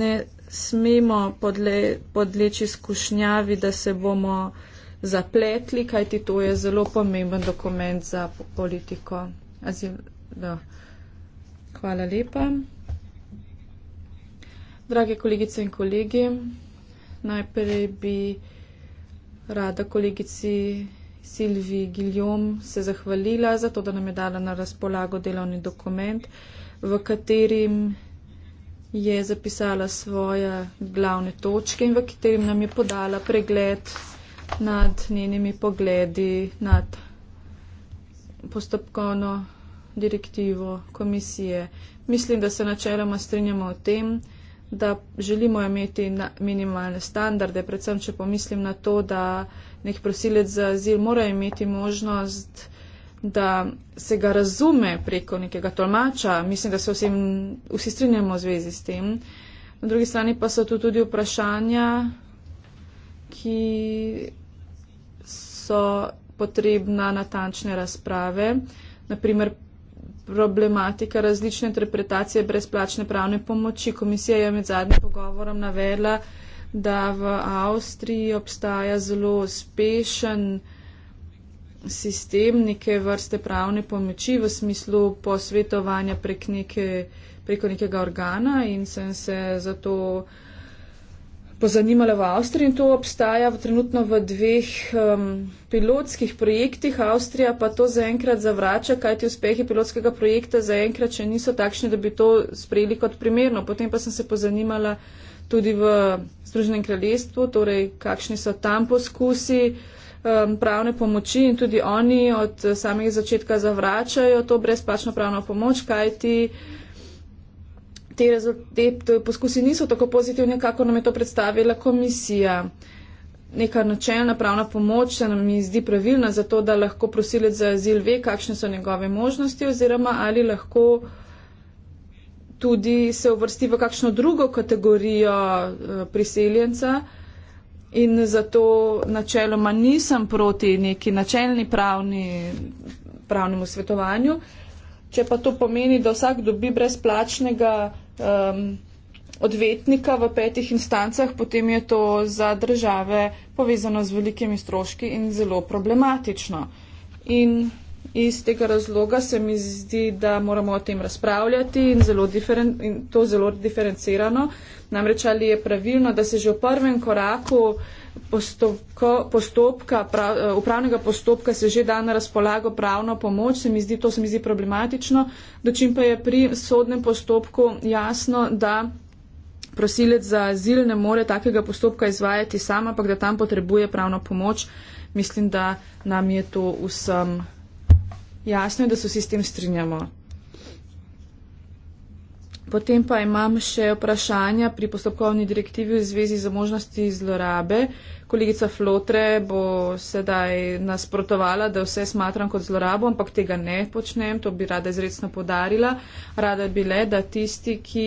Speaker 5: ne smemo podle, podleči skušnjavi, da se bomo zapletli, kajti to je zelo pomemben dokument za politiko. Azil, Hvala lepa. Drage kolegice in kolegi, najprej bi rada kolegici Silvi Giljom se zahvalila za to, da nam je dala na razpolago delovni dokument, v katerem je zapisala svoje glavne točke in v katerem nam je podala pregled nad njenimi pogledi, nad postopkovno direktivo komisije. Mislim, da se načeloma strinjamo o tem, da da želimo imeti minimalne standarde, predvsem, če pomislim na to, da nek prosilec za azil mora imeti možnost, da se ga razume preko nekega tolmača. Mislim, da se vsem, vsi strinjamo v zvezi s tem. Na drugi strani pa so tu tudi vprašanja, ki so potrebna natančne razprave. Naprimer, problematika različne interpretacije brezplačne pravne pomoči. Komisija je med zadnjim pogovorom navedla, da v Avstriji obstaja zelo uspešen sistem neke vrste pravne pomoči v smislu posvetovanja prek neke, preko nekega organa in sem se zato pozanimale v Avstriji in to obstaja v trenutno v dveh um, pilotskih projektih. Avstrija pa to zaenkrat zavrača, kajti uspehi pilotskega projekta zaenkrat še niso takšni, da bi to sprejeli kot primerno. Potem pa sem se pozanimala tudi v Združenem kraljestvu, torej kakšni so tam poskusi um, pravne pomoči in tudi oni od eh, samega začetka zavračajo to brezplačno pravno pomoč, kajti te, te poskusi niso tako pozitivni, kako nam je to predstavila komisija. Neka načelna pravna pomoč se nam zdi pravilna, zato da lahko prosilec za azil ve, kakšne so njegove možnosti oziroma ali lahko tudi se uvrsti v kakšno drugo kategorijo eh, priseljenca. In zato načeloma nisem proti neki načelni pravni, pravnemu svetovanju. Če pa to pomeni, da vsak dobi brezplačnega um, odvetnika v petih instancah, potem je to za države povezano z velikimi stroški in zelo problematično. In Iz tega razloga se mi zdi, da moramo o tem razpravljati in, zelo diferen, in to zelo diferencirano. Namreč ali je pravilno, da se že v prvem koraku postopko, postopka, prav, upravnega postopka se že da na razpolago pravno pomoč, se mi zdi, to se mi zdi problematično, dočim pa je pri sodnem postopku jasno, da prosilec za azil ne more takega postopka izvajati sama, ampak da tam potrebuje pravno pomoč. Mislim, da nam je to vsem. Jasno je, da se vsi s tem strinjamo. Potem pa imam še vprašanja pri postopkovni direktivi v zvezi z možnosti zlorabe. Kolegica Flotre bo sedaj nasprotovala, da vse smatram kot zlorabo, ampak tega ne počnem, to bi rada izredno podarila. Rada bi le, da tisti, ki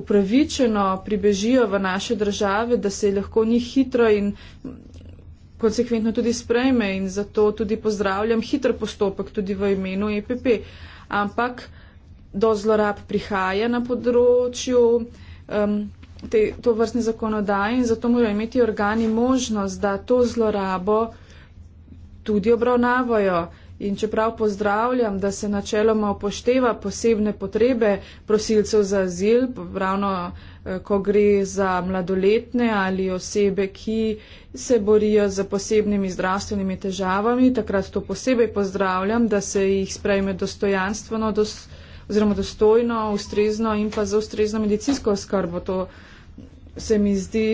Speaker 5: upravičeno pribežijo v naše države, da se lahko njih hitro in konsekventno tudi sprejme in zato tudi pozdravljam hiter postopek tudi v imenu EPP. Ampak do zlorab prihaja na področju um, te, to vrstne zakonodaje in zato morajo imeti organi možnost, da to zlorabo tudi obravnavajo. In čeprav pozdravljam, da se načeloma upošteva posebne potrebe prosilcev za azil, ravno eh, ko gre za mladoletne ali osebe, ki se borijo za posebnimi zdravstvenimi težavami, takrat to posebej pozdravljam, da se jih sprejme dostojanstveno dos, oziroma dostojno, ustrezno in pa za ustrezno medicinsko oskrbo. To se mi zdi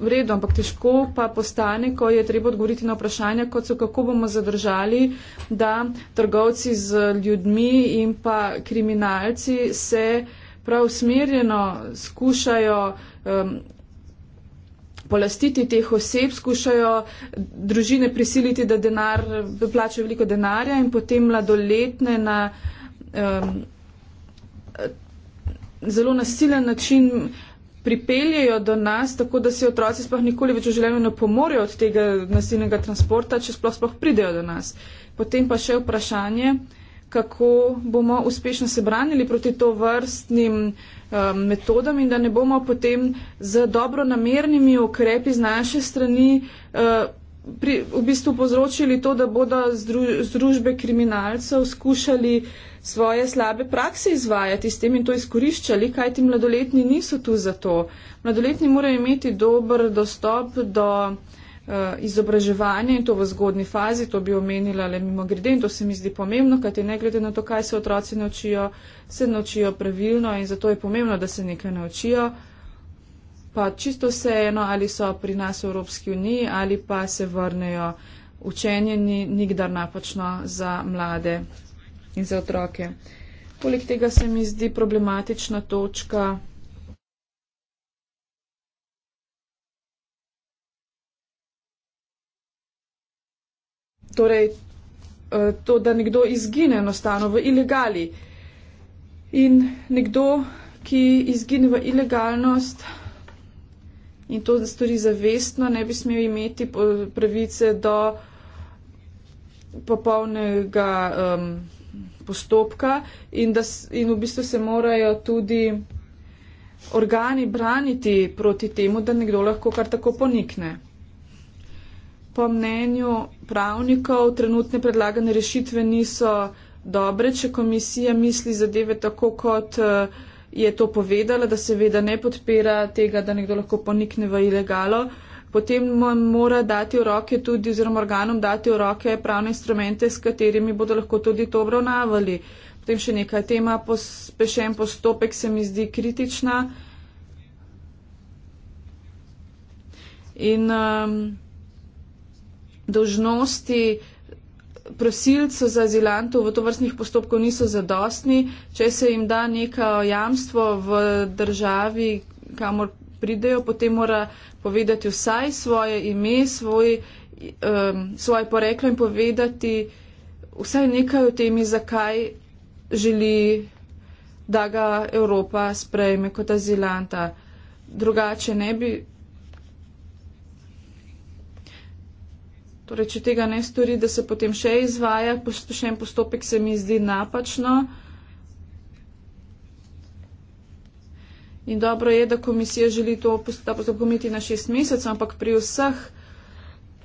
Speaker 5: vredno, ampak težko pa postane, ko je treba odgovoriti na vprašanja, kot so kako bomo zadržali, da trgovci z ljudmi in pa kriminalci se prav usmerjeno skušajo. Um, Polastiti teh oseb, skušajo družine prisiliti, da denar, plačajo veliko denarja in potem mladoletne na um, zelo nasilen način uh, pripeljejo do nas, tako da se otroci sploh nikoli več v življenju ne pomorijo od tega nasilnega transporta, če sploh sploh pridejo do nas. Potem pa še vprašanje, kako bomo uspešno se branili proti to vrstnim um, metodam in da ne bomo potem z dobronamernimi ukrepi z naše strani. Uh, pri, v bistvu povzročili to, da bodo združbe kriminalcev skušali svoje slabe prakse izvajati s tem in to izkoriščali, kajti mladoletni niso tu za to. Mladoletni morajo imeti dober dostop do eh, izobraževanje in to v zgodni fazi, to bi omenila le mimo grede in to se mi zdi pomembno, kajti ne glede na to, kaj se otroci naučijo, se naučijo pravilno in zato je pomembno, da se nekaj naučijo pa čisto vse eno, ali so pri nas v Evropski uniji ali pa se vrnejo. Učenje ni nikdar napačno za mlade in za otroke. Poleg tega se mi zdi problematična točka. Torej, eh, to, da nekdo izgine enostavno v ilegali. In nekdo, ki izgine v ilegalnost, in to stori zavestno, ne bi smel imeti pravice do popolnega um, postopka in, da, in v bistvu se morajo tudi organi braniti proti temu, da nekdo lahko kar tako ponikne. Po mnenju pravnikov trenutne predlagane rešitve niso dobre, če komisija misli zadeve tako kot uh, je to povedala, da seveda ne podpira tega, da nekdo lahko ponikne v ilegalo, potem mora dati v roke tudi oziroma organom dati v roke pravne instrumente, s katerimi bodo lahko tudi to obravnavali. Potem še nekaj tema, pospešen postopek se mi zdi kritična. In um, dožnosti uh, prosilcev za azilanto v to vrstnih postopkov niso zadostni, če se jim da neka jamstvo v državi, kamor pridejo, potem mora povedati vsaj svoje ime, svoj, um, svoje poreklo in povedati vsaj nekaj o temi, zakaj želi, da ga Evropa sprejme kot azilanta. Drugače ne bi Torej, če tega ne stori, da se potem še izvaja, pospešen postopek se mi zdi napačno. In dobro je, da komisija želi to postopiti na šest mesecev, ampak pri vseh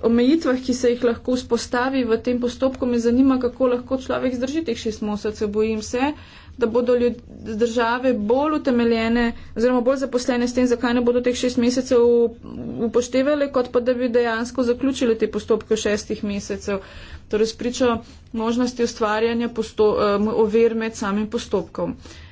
Speaker 5: omejitvah, ki se jih lahko vzpostavi v tem postopku, me zanima, kako lahko človek zdrži teh šest mesecev. Bojim se, da bodo ljud, države bolj utemeljene oziroma bolj zaposlene s tem, zakaj ne bodo teh šest mesecev upoštevali, kot pa da bi dejansko zaključili te postopke v šestih mesecev. Torej spričo možnosti ustvarjanja posto, eh, ovir med samim postopkom. Uh,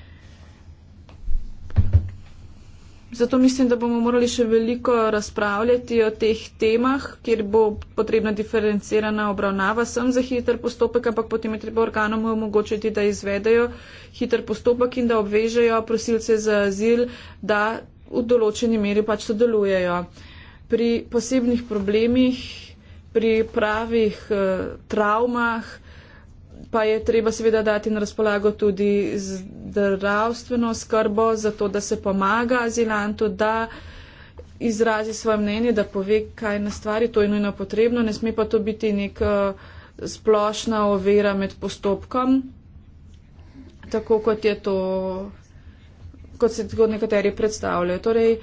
Speaker 5: Zato mislim, da bomo morali še veliko razpravljati o teh temah, kjer bo potrebna diferencirana obravnava. Sem za hiter postopek, ampak potem je treba organom omogočiti, da izvedejo hiter postopek in da obvežejo prosilce za azil, da v določeni meri pač sodelujejo. Pri posebnih problemih, pri pravih eh, travmah, pa je treba seveda dati na razpolago tudi zdravstveno skrbo, zato da se pomaga azilantu, da izrazi svoje mnenje, da pove, kaj na stvari, to je nujno potrebno, ne sme pa to biti neka eh, splošna ovira med postopkom, tako kot je to, kot se tako nekateri predstavljajo. Torej,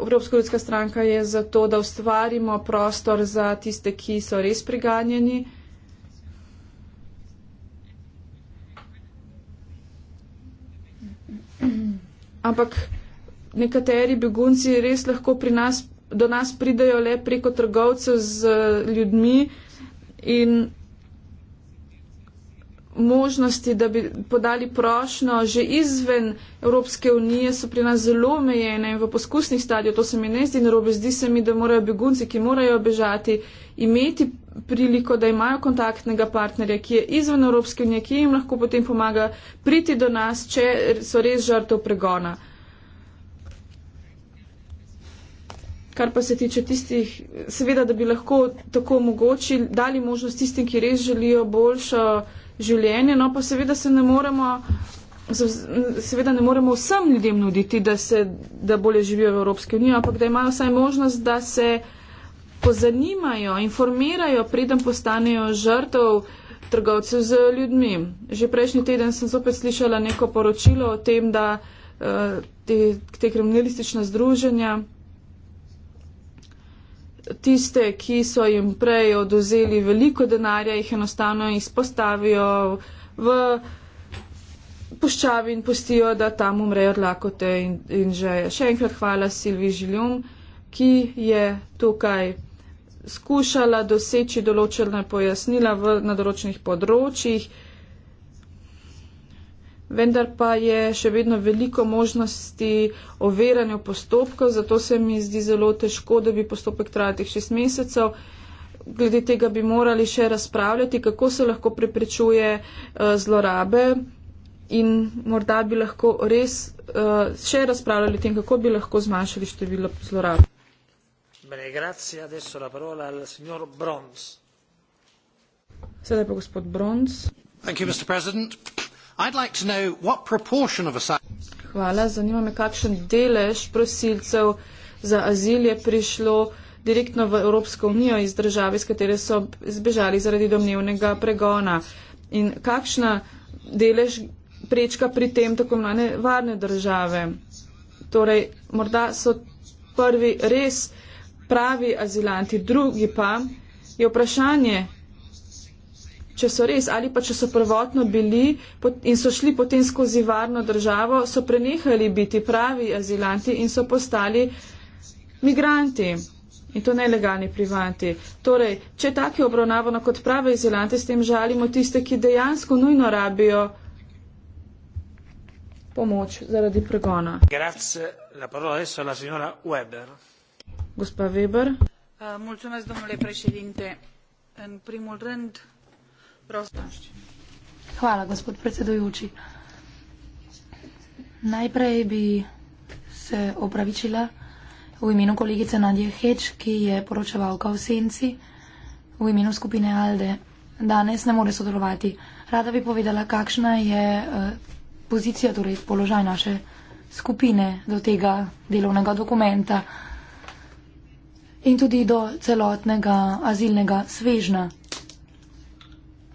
Speaker 5: Evropska ljudska stranka je za to, da ustvarimo prostor za tiste, ki so res priganjeni. ampak nekateri begunci res lahko pri nas, do nas pridajo le preko trgovcev z ljudmi in možnosti, da bi podali prošnjo že izven Evropske unije, so pri nas zelo omejene in v poskusnih stadijih, to se mi ne zdi narobe, zdi se mi, da morajo begunci, ki morajo bežati, imeti priliko, da imajo kontaktnega partnerja, ki je izven Evropske unije, ki jim lahko potem pomaga priti do nas, če so res žrtev pregona. Kar pa se tiče tistih, seveda, da bi lahko tako omogočili, dali možnost tistim, ki res želijo boljšo življenje, no pa seveda se ne moremo. Seveda ne moremo vsem ljudem nuditi, da, se, da bolje živijo v Evropski uniji, ampak da imajo vsaj možnost, da se pozanimajo, informirajo, preden postanejo žrtev trgovcev z ljudmi. Že prejšnji teden sem zopet slišala neko poročilo o tem, da eh, te, te kriminalistična združenja tiste, ki so jim prej oduzeli veliko denarja, jih enostavno izpostavijo v puščavi in pustijo, da tam umrejo od lakote in, in že je. Še enkrat hvala Silvi Žiljum, ki je tukaj skušala doseči določene pojasnila v, na določenih področjih vendar pa je še vedno veliko možnosti overanja postopka, zato se mi zdi zelo težko, da bi postopek trajal teh šest mesecev. Glede tega bi morali še razpravljati, kako se lahko preprečuje uh, zlorabe in morda bi lahko res uh, še razpravljali o tem, kako bi lahko zmanjšali število zlorab.
Speaker 1: Bene, grazie. Adesso la parola al signor Bronze.
Speaker 5: Sedaj pa gospod Bronze. Thank you, Mr. President. Hvala, zanima me, kakšen delež prosilcev za azil je prišlo direktno v Evropsko unijo iz države, iz katere so zbežali zaradi domnevnega pregona. In kakšna delež prečka pri tem tako imenovane varne države? Torej, morda so prvi res pravi azilanti, drugi pa je vprašanje, če so res ali pa če so prvotno bili in so šli potem skozi varno državo, so prenehali biti pravi azilanti in so postali migranti in to nelegalni privanti. Torej, če tako je obravnavano kot prave azilante, s tem žalimo tiste, ki dejansko nujno rabijo pomoč zaradi pregona.
Speaker 1: Grazie, la parola adesso alla signora Weber.
Speaker 4: Gospa Weber.
Speaker 5: Uh, mulțumesc, domnule președinte. În primul rând, prostost.
Speaker 4: Hvala, gospod predsedujoči. Najprej bi se opravičila v imenu kolegice Nadje Heč, ki je poročevalka v Senci, v imenu skupine Alde. Danes ne more sodelovati. Rada bi povedala, kakšna je eh, pozicija, torej položaj naše skupine do tega delovnega dokumenta in tudi do celotnega azilnega svežna.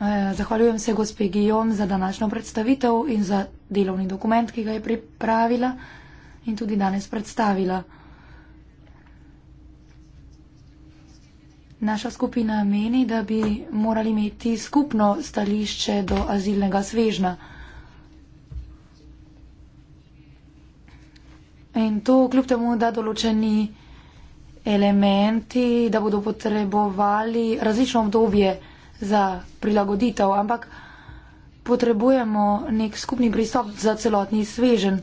Speaker 4: Eh, zahvaljujem se gospe Gijom za današnjo predstavitev in za delovni dokument, ki ga je pripravila in tudi danes predstavila. Naša skupina meni, da bi morali imeti skupno stališče do azilnega svežna. In to kljub temu, da določeni elementi, da bodo potrebovali različno obdobje za prilagoditev, ampak potrebujemo nek skupni pristop za celotni svežen.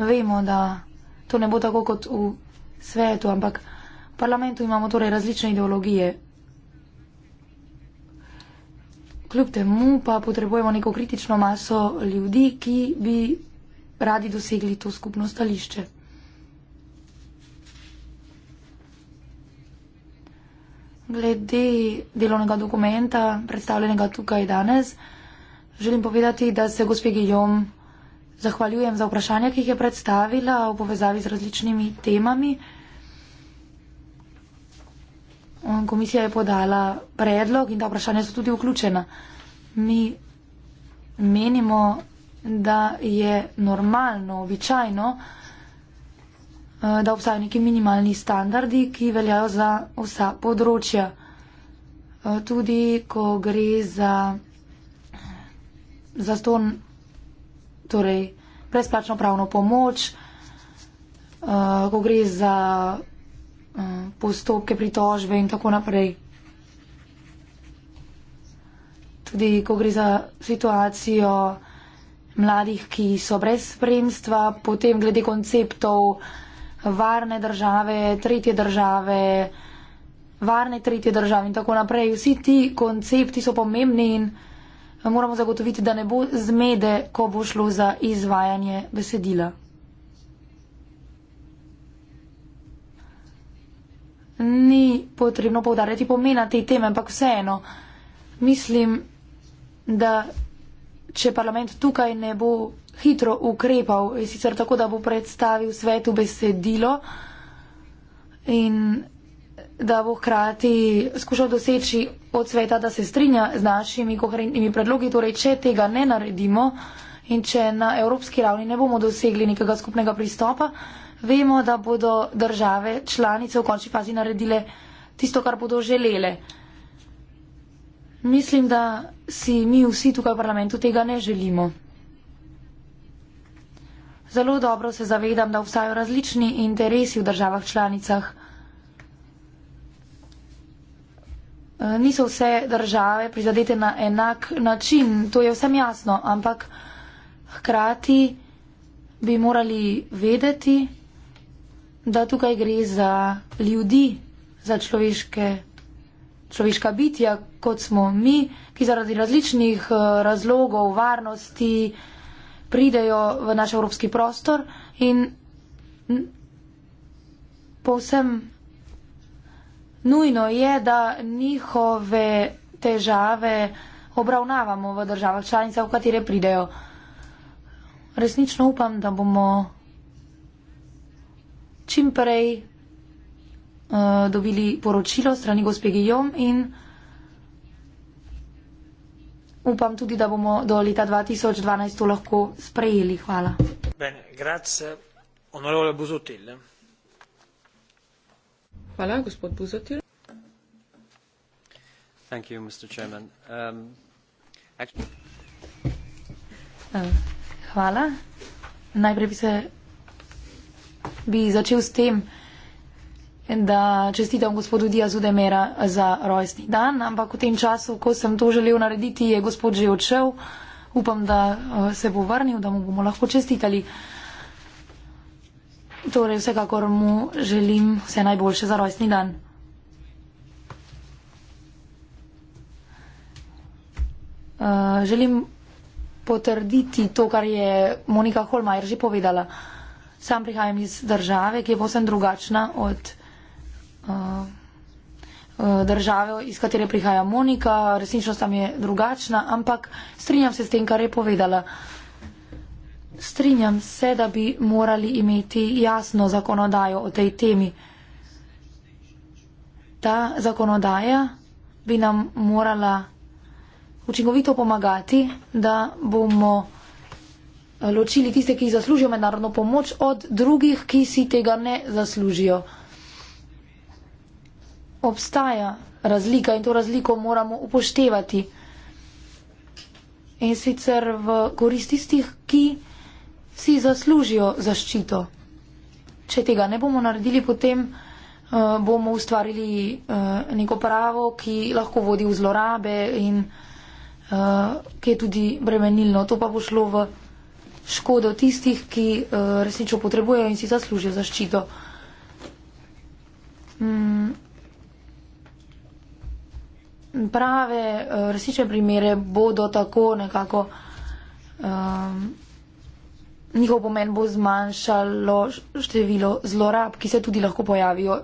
Speaker 4: Vemo, da to ne bo tako kot v svetu, ampak v parlamentu imamo torej različne ideologije. Kljub temu pa potrebujemo neko kritično maso ljudi, ki bi radi dosegli to skupno stališče. Glede delovnega dokumenta, predstavljenega tukaj danes, želim povedati, da se gospe Gijom zahvaljujem za vprašanja, ki jih je predstavila v povezavi z različnimi temami. Komisija je podala predlog in ta vprašanja so tudi vključena. Mi menimo, da je normalno, običajno, Eh, da obstajajo neki minimalni standardi, ki veljajo za vsa področja. Eh, tudi, ko gre za, za to, torej, brezplačno pravno pomoč, eh, ko gre za postopke pritožbe in tako naprej. Tudi, ko gre za situacijo mladih, ki so brez spremstva, potem glede konceptov, varne države, tretje države, varne tretje države in tako naprej. Vsi ti koncepti so pomembni in moramo zagotoviti, da ne bo zmede, ko bo šlo za izvajanje besedila. Ni potrebno povdarjati pomena te teme, ampak vseeno mislim, da če parlament tukaj ne bo hitro ukrepal, sicer tako, da bo predstavil svetu besedilo in da bo hkrati skušal doseči od sveta, da se strinja z našimi koherentnimi predlogi. Torej, če tega ne naredimo in če na evropski ravni ne bomo dosegli nekega skupnega pristopa, vemo, da bodo države članice v končni fazi naredile tisto, kar bodo želele. Mislim, da si mi vsi tukaj v parlamentu tega ne želimo. Zelo dobro se zavedam, da obstajajo različni interesi v državah članicah. Eh, niso vse države prizadete na enak način, to je vsem jasno, ampak hkrati bi morali vedeti, da tukaj gre za ljudi, za človeške, človeška bitja, kot smo mi, ki zaradi različnih eh, razlogov, varnosti, pridejo v naš evropski prostor in povsem nujno je, da njihove težave obravnavamo v državah članica, v katere pridejo. Resnično upam, da bomo čimprej uh, eh, dobili poročilo strani gospe Gijom in upam tudi, da bomo do leta 2012 to lahko sprejeli. Hvala.
Speaker 1: Bene, grazie, onorevole Buzotil.
Speaker 5: Hvala, gospod Buzotil.
Speaker 1: Thank you, Mr. Chairman. Um,
Speaker 4: actually... Eh, hvala. Najprej bi se bi začel s tem, da čestitam gospodu Diazu Demera za rojstni dan, ampak v tem času, ko sem to želel narediti, je gospod že odšel. Upam, da eh, se bo vrnil, da mu bomo lahko čestitali. Torej, vsekakor mu želim vse najboljše za rojstni dan. Uh, želim potrditi to, kar je Monika Holmajer že povedala. Sam prihajam iz države, ki je povsem drugačna od Eh, države, iz katere prihaja Monika, resničnost tam je drugačna, ampak strinjam se s tem, kar je povedala. Strinjam se, da bi morali imeti jasno zakonodajo o tej temi. Ta zakonodaja bi nam morala učinkovito pomagati, da bomo ločili tiste, ki zaslužijo mednarodno pomoč, od drugih, ki si tega ne zaslužijo obstaja razlika in to razliko moramo upoštevati. In sicer v korist tistih, ki si zaslužijo zaščito. Če tega ne bomo naredili, potem uh, bomo ustvarili uh, neko pravo, ki lahko vodi v zlorabe in uh, ki je tudi bremenilno. To pa bo šlo v škodo tistih, ki uh, resnično potrebujejo in si zaslužijo zaščito. Mm prave, eh, resnične primere bodo tako nekako, um, njihov pomen bo zmanjšalo število zlorab, ki se tudi lahko pojavijo.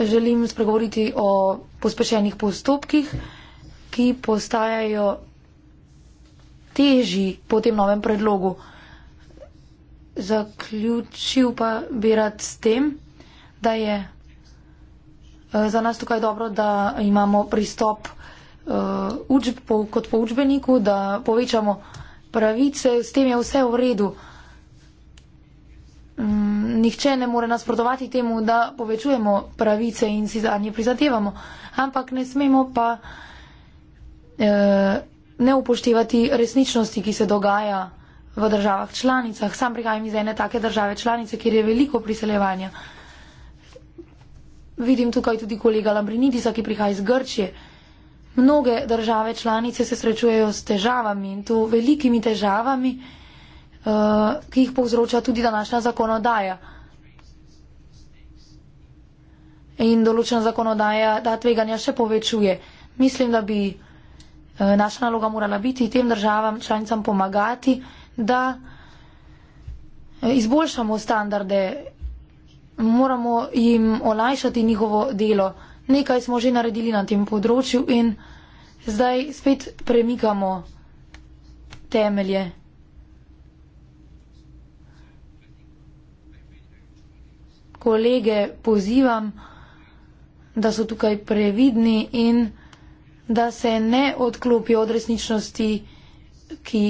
Speaker 4: Želim spregovoriti o pospešenih postopkih, ki postajajo teži po tem novem predlogu. Zaključil pa bi rad s tem, da je Eh, za nas tukaj je dobro, da imamo pristop uh, učb, po, kot po učbeniku, da povečamo pravice, s tem je vse v redu. Um, nihče ne more nasprotovati temu, da povečujemo pravice in si zadnje prizadevamo, ampak ne smemo pa uh, ne upoštevati resničnosti, ki se dogaja v državah članicah. Sam prihajam iz ene take države članice, kjer je veliko priseljevanja. Uh, Vidim tukaj tudi kolega Lambrinidisa, ki prihaja iz Grčije. Mnoge države članice se srečujejo s težavami in to velikimi težavami, uh, ki jih povzroča tudi današnja zakonodaja. In določena zakonodaja ta tveganja še povečuje. Mislim, da bi uh, naša naloga morala biti tem državam članicam pomagati, da eh, izboljšamo standarde moramo jim olajšati njihovo delo. Nekaj smo že naredili na tem področju in zdaj spet premikamo temelje. Kolege pozivam, da so tukaj previdni in da se ne odklopijo od resničnosti, ki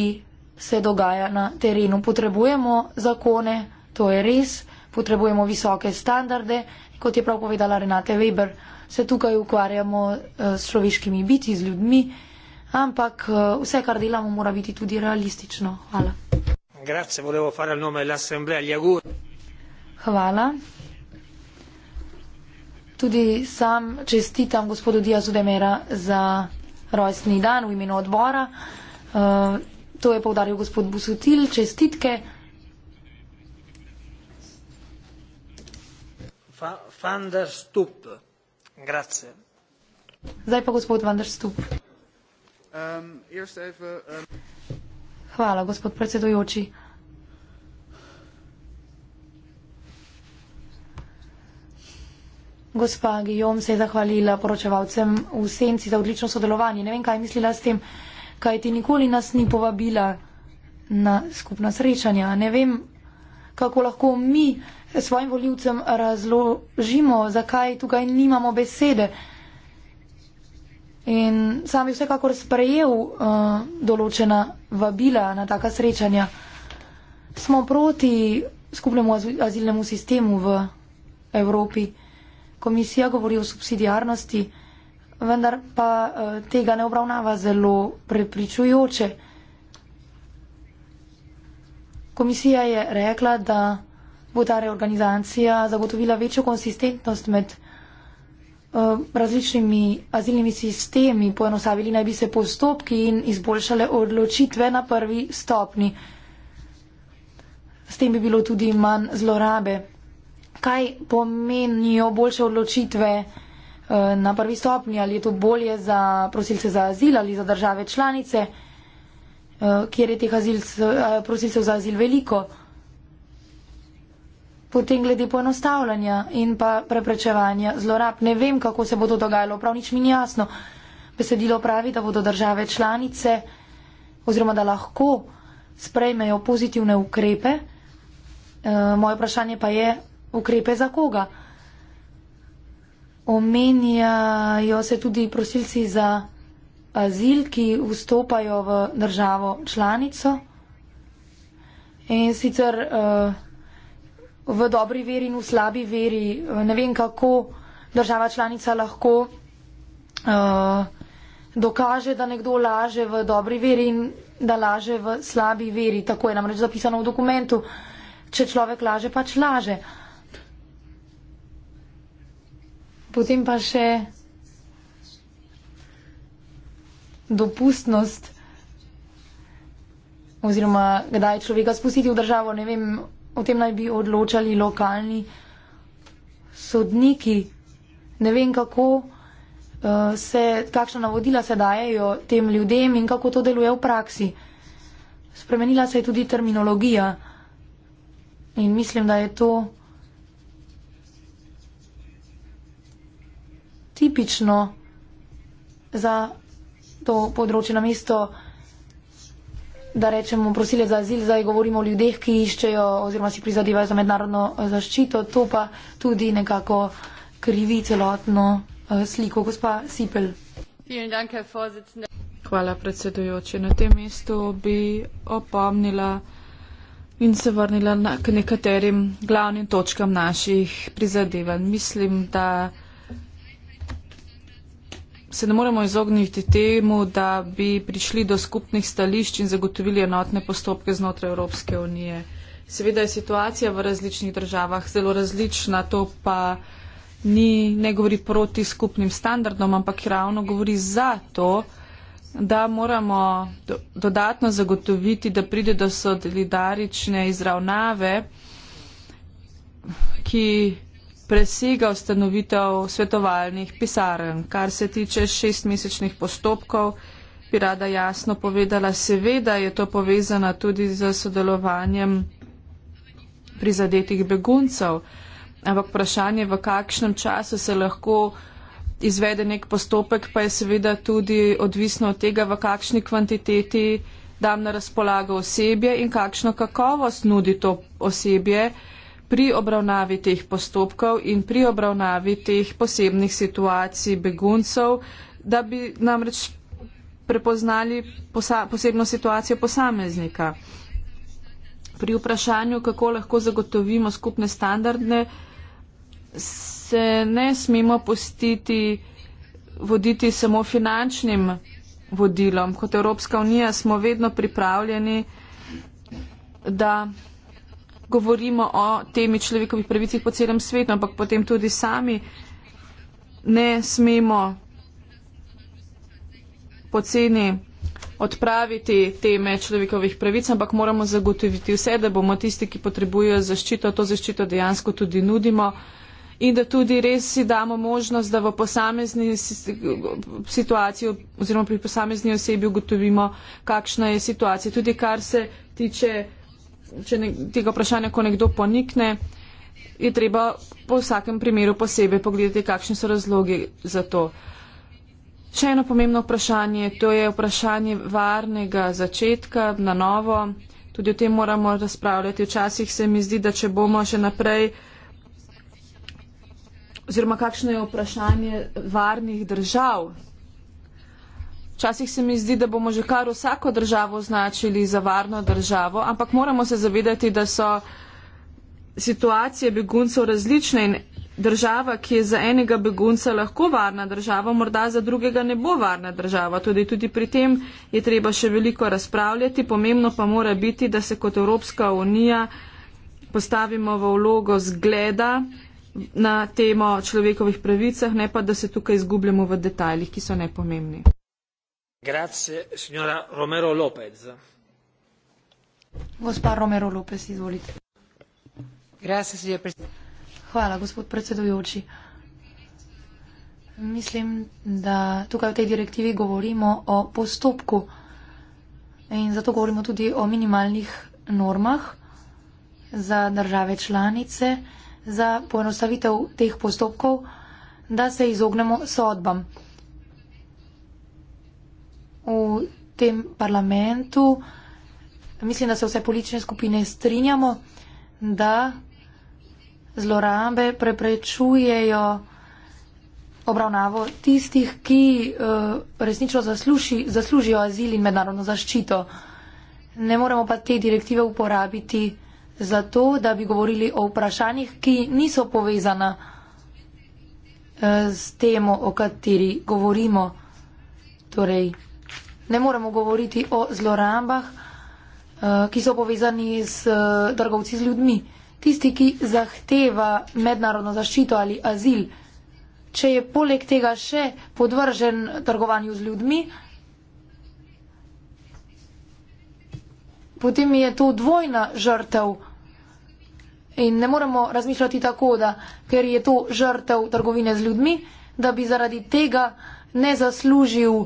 Speaker 4: se dogaja na terenu. Potrebujemo zakone, to je res potrebujemo visoke standarde, kot je prav povedala Renate Weber, se tukaj ukvarjamo eh, s človeškimi biti, z ljudmi, ampak eh, vse, kar delamo, mora biti tudi realistično. Hvala. Hvala. Tudi sam čestitam gospodu Diazu Demera za rojstni dan v imenu odbora. Eh, to je povdaril gospod Busutil. Čestitke.
Speaker 1: van der Stoep. Grazie.
Speaker 4: Zdaj pa gospod van der Stoep.
Speaker 3: Um, eerst even, um...
Speaker 4: Hvala, gospod predsedujoči. Gospa Gijom se je zahvalila poročevalcem v senci za odlično sodelovanje. Ne vem, kaj je mislila s tem, kaj ti nikoli nas ni povabila na skupna srečanja. Ne vem, kako lahko mi svojim voljivcem razložimo, zakaj tukaj nimamo besede. In sam bi vsekakor sprejel uh, določena vabila na taka srečanja. Smo proti skupnemu azilnemu sistemu v Evropi. Komisija govori o subsidijarnosti, vendar pa uh, tega ne obravnava zelo prepričujoče. Komisija je rekla, da bo ta reorganizacija zagotovila večjo konsistentnost med eh, različnimi azilnimi sistemi, poenostavili naj bi se postopki in izboljšale odločitve na prvi stopni. S tem bi bilo tudi manj zlorabe. Kaj pomenijo boljše odločitve eh, na prvi stopni? Ali je to bolje za prosilce za azil ali za države članice? Eh, kjer je teh azil, eh, prosilcev za azil veliko. Potem glede poenostavljanja in pa preprečevanja zlorab. Ne vem, kako se bo to dogajalo, prav nič mi ni jasno. Besedilo pravi, da bodo države članice oziroma da lahko sprejmejo pozitivne ukrepe. E, moje vprašanje pa je, ukrepe za koga? Omenjajo se tudi prosilci za azil, ki vstopajo v državo članico in sicer uh, v dobri veri in v slabi veri, ne vem kako država članica lahko uh, dokaže, da nekdo laže v dobri veri in da laže v slabi veri. Tako je namreč zapisano v dokumentu. Če človek laže, pač laže. Potem pa še. dopustnost oziroma kdaj človeka spustiti v državo, ne vem, o tem naj bi odločali lokalni sodniki. Ne vem, kako uh, se, kakšna navodila se dajejo tem ljudem in kako to deluje v praksi. Spremenila se je tudi terminologija in mislim, da je to tipično za to področje na mesto, da rečemo prosile za azil, zdaj govorimo o ljudeh, ki iščejo oziroma si prizadevajo za mednarodno eh, zaščito, to pa tudi nekako krivi celotno eh, sliko. Gospa Sipel.
Speaker 5: Hvala predsedujoči. Na tem mestu bi opomnila in se vrnila na, k nekaterim glavnim točkam naših prizadevanj. Mislim, da se ne moremo izogniti temu, da bi prišli do skupnih stališč in zagotovili enotne postopke znotraj Evropske unije. Seveda je situacija v različnih državah zelo različna, to pa ni, ne govori proti skupnim standardom, ampak ravno govori za to, da moramo dodatno zagotoviti, da pride do solidarične izravnave, ki presega ustanovitev svetovalnih pisaren. Kar se tiče šestmesečnih postopkov, bi rada jasno povedala, seveda je to povezano tudi z sodelovanjem prizadetih beguncev, ampak vprašanje, v kakšnem času se lahko izvede nek postopek, pa je seveda tudi odvisno od tega, v kakšni kvantiteti dam na razpolago osebje in kakšno kakovost nudi to osebje pri obravnavi teh postopkov in pri obravnavi teh posebnih situacij beguncev, da bi namreč prepoznali posa, posebno situacijo posameznika. Pri vprašanju, kako lahko zagotovimo skupne standardne, se ne smemo pustiti voditi samo finančnim vodilom. Kot Evropska unija smo vedno pripravljeni, da govorimo o temi človekovih pravicih po celem svetu, ampak potem tudi sami ne smemo poceni odpraviti teme človekovih pravic, ampak moramo zagotoviti vse, da bomo tisti, ki potrebujejo zaščito, to zaščito dejansko tudi nudimo in da tudi res si damo možnost, da v posamezni situaciji oziroma pri posamezni osebi ugotovimo, kakšna je situacija. Tudi kar se tiče če ne, tega vprašanja, ko nekdo ponikne, je treba po vsakem primeru posebej pogledati, kakšni so razlogi za to. Še eno pomembno vprašanje, to je vprašanje varnega začetka na novo. Tudi o tem moramo razpravljati. Včasih se mi zdi, da če bomo še naprej. Oziroma, kakšno je vprašanje varnih držav? Včasih se mi zdi, da bomo že kar vsako državo označili za varno državo, ampak moramo se zavedati, da so situacije beguncev različne in država, ki je za enega begunca lahko varna država, morda za drugega ne bo varna država. Tudi, tudi pri tem je treba še veliko razpravljati. Pomembno pa mora biti, da se kot Evropska unija postavimo v vlogo zgleda na temo človekovih pravicah, ne pa da se tukaj izgubljamo v detaljih, ki so
Speaker 4: nepomembni hvala gospod predsedujoči mislim da tukaj v tej direktivi govorimo o postopku in zato govorimo tudi o minimalnih normah za države članice za poenostavitev teh postopkov da se izognemo sodbam v tem parlamentu. Mislim, da se vse politične skupine strinjamo, da zlorabe preprečujejo obravnavo tistih, ki eh, resnično zasluži, zaslužijo azil in mednarodno zaščito. Ne moremo pa te direktive uporabiti za to, da bi govorili o vprašanjih, ki niso povezana eh, s temo, o kateri govorimo. Torej, ne moremo govoriti o zlorabah, eh, ki so povezani s eh, trgovci z ljudmi. Tisti, ki zahteva mednarodno zaščito ali azil, če je poleg tega še podvržen trgovanju z ljudmi, potem je to dvojna žrtev. In ne moremo razmišljati tako, da ker je to žrtev trgovine z ljudmi, da bi zaradi tega ne zaslužil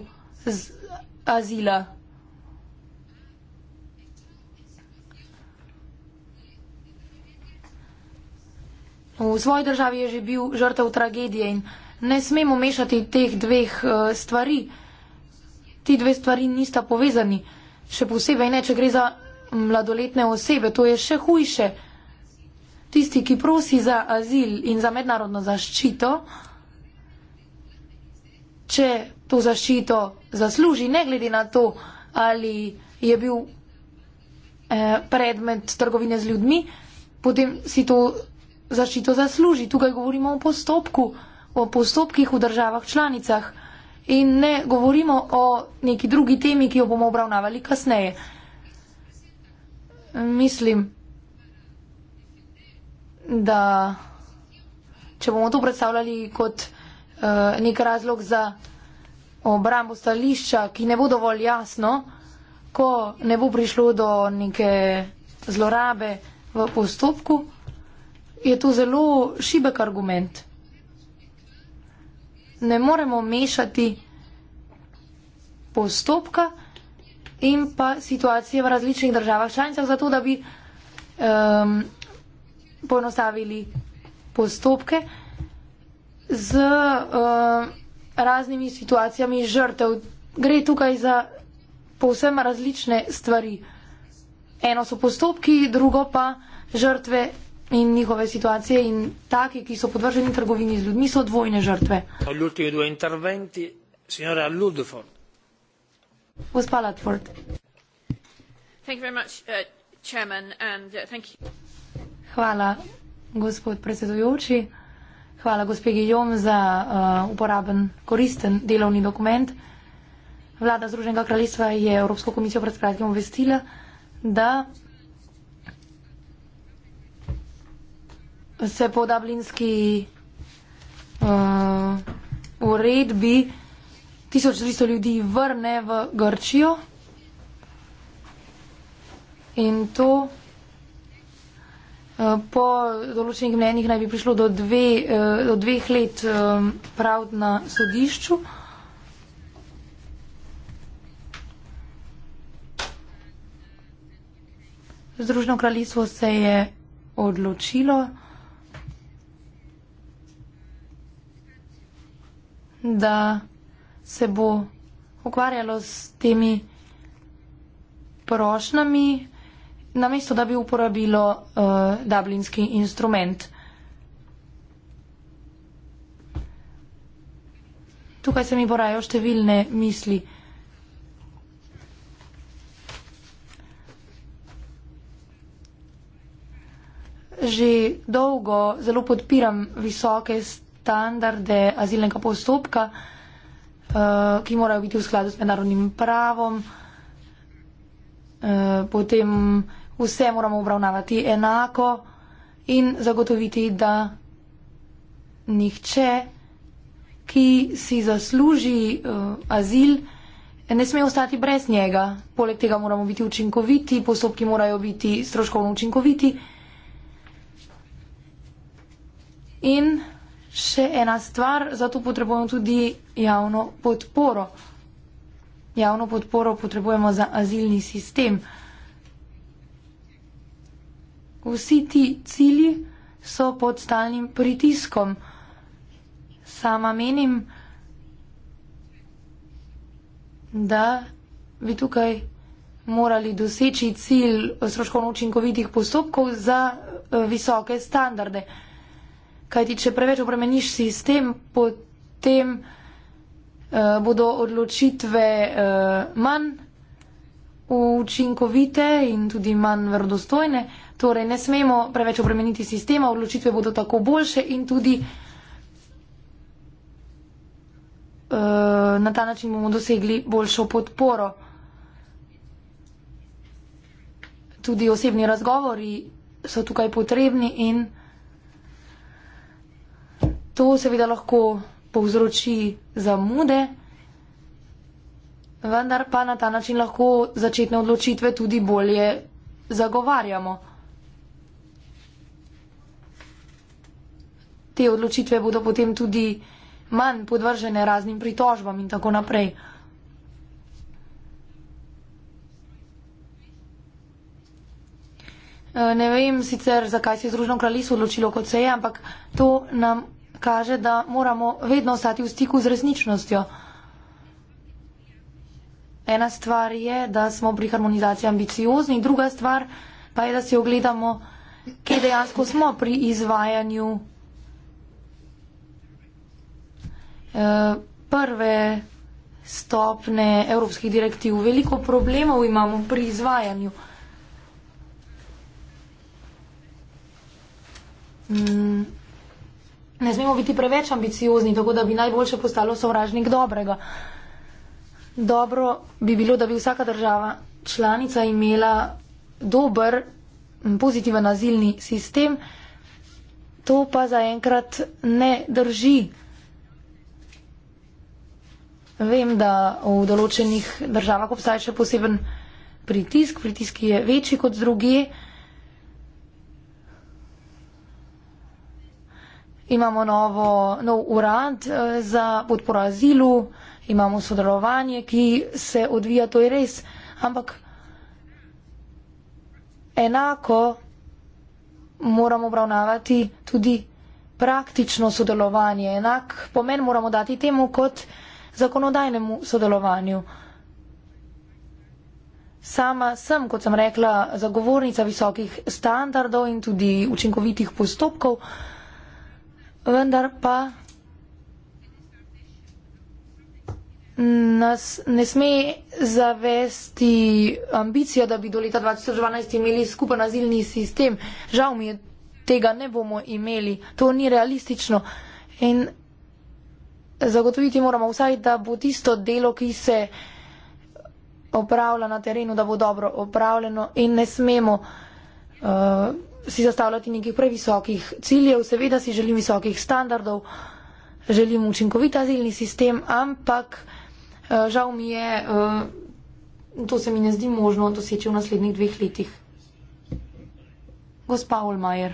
Speaker 4: z, azila. V svoji državi je že bil žrtev tragedije in ne smemo mešati teh dveh eh, stvari. Ti dve stvari nista povezani, še posebej ne, če gre za mladoletne osebe, to je še hujše. Tisti, ki prosi za azil in za mednarodno zaščito, če to zaščito zasluži, ne glede na to, ali je bil eh, predmet trgovine z ljudmi, potem si to zaščito zasluži. Tukaj govorimo o postopku, o postopkih v državah članicah in ne govorimo o neki drugi temi, ki jo bomo obravnavali kasneje. Mislim, da če bomo to predstavljali kot eh, nek razlog za obrambo stališča, ki ne bo dovolj jasno, ko ne bo prišlo do neke zlorabe v postopku, je to zelo šibek argument. Ne moremo mešati postopka in pa situacije v različnih državah članicah, zato da bi um, poenostavili postopke z. Um, raznimi situacijami žrtev. Gre tukaj za povsem različne stvari. Eno so postopki, drugo pa žrtve in njihove situacije in taki, ki so podvrženi trgovini z ljudmi, so dvojne žrtve. Gospa Latford.
Speaker 3: Uh, uh,
Speaker 4: Hvala, gospod predsedujoči. Hvala, gospe Gijom, za uh, uporaben, koristen delovni dokument. Vlada Združenega kraljestva je Evropsko komisijo pred kratkim obvestila, da se po dublinski uh, uredbi 1300 ljudi vrne v Grčijo in to. Po določenih mnenjih naj bi prišlo do, dve, eh, do dveh let eh, prav na sodišču. Združeno kraljestvo se je odločilo, da se bo ukvarjalo s temi prošnami namesto da bi uporabilo uh, dublinski instrument. Tukaj se mi porajajo številne misli. Že dolgo zelo podpiram visoke standarde azilnega postopka, eh, ki morajo biti v skladu s mednarodnim pravom. Eh, potem vse moramo obravnavati enako in zagotoviti, da nihče, ki si zasluži uh, azil, ne sme ostati brez njega. Poleg tega moramo biti učinkoviti, postopki morajo biti stroškovno učinkoviti. In še ena stvar, zato potrebujemo tudi javno podporo. Javno podporo potrebujemo za azilni sistem. Vsi ti cilji so pod stalnim pritiskom. Sama menim, da bi tukaj morali doseči cilj stroškovno učinkovitih postopkov za eh, visoke standarde. Kajti, če preveč obremeniš sistem, potem uh, bodo odločitve uh, manj učinkovite in tudi manj verodostojne. Torej, ne smemo preveč obremeniti sistema, odločitve bodo tako boljše in tudi uh, na ta način bomo dosegli boljšo podporo. Tudi osebni razgovori so tukaj potrebni in to seveda lahko povzroči zamude, vendar pa na ta način lahko začetne odločitve tudi bolje zagovarjamo. te odločitve bodo potem tudi manj podvržene raznim pritožbam in tako naprej. E, ne vem sicer, zakaj se je Združeno kraljestvo odločilo kot se je, ampak to nam kaže, da moramo vedno ostati v stiku z resničnostjo. Ena stvar je, da smo pri harmonizaciji ambiciozni, druga stvar pa je, da si ogledamo, kje dejansko smo pri izvajanju prve stopne evropskih direktiv. Veliko problemov imamo pri izvajanju. Mm. Ne smemo biti preveč ambiciozni, tako da bi najboljše postalo sovražnik dobrega. Dobro bi bilo, da bi vsaka država članica imela dober, pozitiven azilni sistem. To pa zaenkrat ne drži. Vem, da v določenih državah obstaja še poseben pritisk, pritisk je večji kot druge. Imamo novo, nov urad eh, za podporo azilu, imamo sodelovanje, ki se odvija, to je res, ampak enako moramo obravnavati tudi praktično sodelovanje. Enak pomen moramo dati temu, kot zakonodajnemu sodelovanju. Sama sem, kot sem rekla, zagovornica visokih standardov in tudi učinkovitih postopkov, vendar pa nas ne sme zavesti ambicija, da bi do leta 2012 imeli skupen azilni sistem. Žal mi je, tega ne bomo imeli. To ni realistično. In zagotoviti moramo vsaj, da bo tisto delo, ki se opravlja na terenu, da bo dobro opravljeno in ne smemo uh, si zastavljati nekih previsokih ciljev. Seveda si želim visokih standardov, želim učinkovit azilni sistem, ampak uh, žal mi je, uh, to se mi ne zdi možno doseči v naslednjih dveh letih. Gospa Olmajer.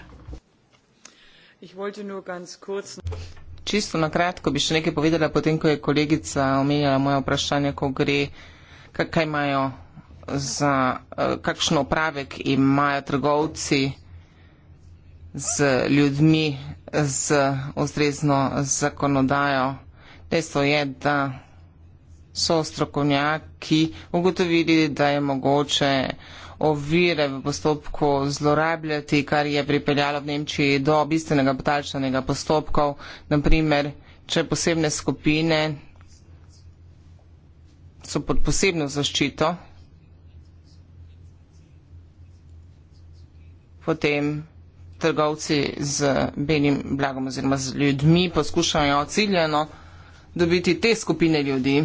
Speaker 4: Ich wollte nur ganz kurz.
Speaker 2: Čisto na kratko bi še nekaj povedala, potem ko je kolegica omenjala moje vprašanje, ko gre, kaj imajo za, eh, kakšno opravek imajo trgovci z ljudmi, z ustrezno zakonodajo. Dejstvo je, da so strokovnjaki ugotovili, da je mogoče ovire v postopku zlorabljati, kar je pripeljalo v Nemčiji do bistvenega potaljšanega postopkov, naprimer, če posebne skupine so pod posebno zaščito, potem trgovci z benim blagom oziroma z ljudmi poskušajo ciljeno dobiti te skupine ljudi.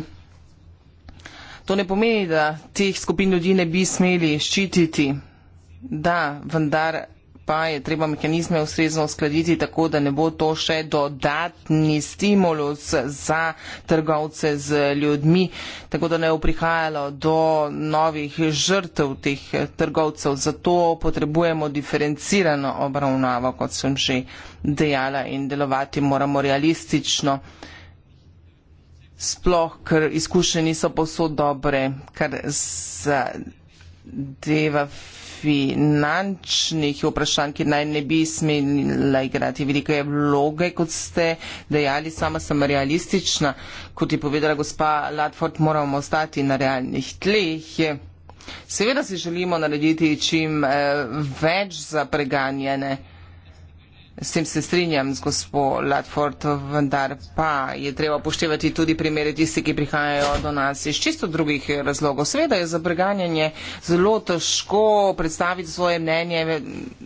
Speaker 2: To ne pomeni, da teh skupin ljudi ne bi smeli ščititi. Da, vendar pa je treba mehanizme ustrezno uskladiti tako, da ne bo to še dodatni stimulus za trgovce z ljudmi, tako da ne bo prihajalo do novih žrtev teh trgovcev. Zato potrebujemo diferencirano obravnavo, kot sem že dejala, in delovati moramo realistično sploh, ker izkušnje niso posod dobre, kar zadeva finančnih vprašanj, ki naj ne bi smela igrati velike vloge, kot ste dejali, sama sem realistična, kot je povedala gospa Latford, moramo ostati na realnih tleh. Seveda si želimo narediti čim eh, več za preganjene. S tem se strinjam z gospod Latford, vendar pa je treba upoštevati tudi primere tisti, ki prihajajo do nas iz čisto drugih razlogov. Sveda je za preganjanje zelo težko predstaviti svoje mnenje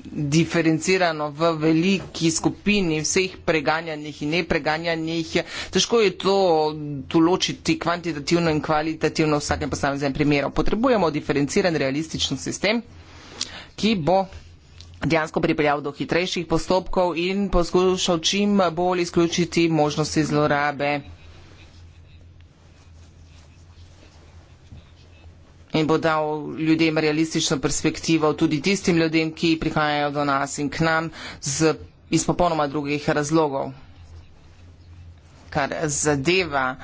Speaker 2: diferencirano v veliki skupini vseh preganjanih in nepreganjanih. Težko je to določiti kvantitativno in kvalitativno v vsakem posameznem primeru. Potrebujemo diferenciran realističen sistem, ki bo dejansko pripeljal do hitrejših postopkov in poskušal čim bolj izključiti možnosti zlorabe. In bo dal ljudem realistično perspektivo, tudi tistim ljudem, ki prihajajo do nas in k nam z, iz popolnoma drugih razlogov. Kar zadeva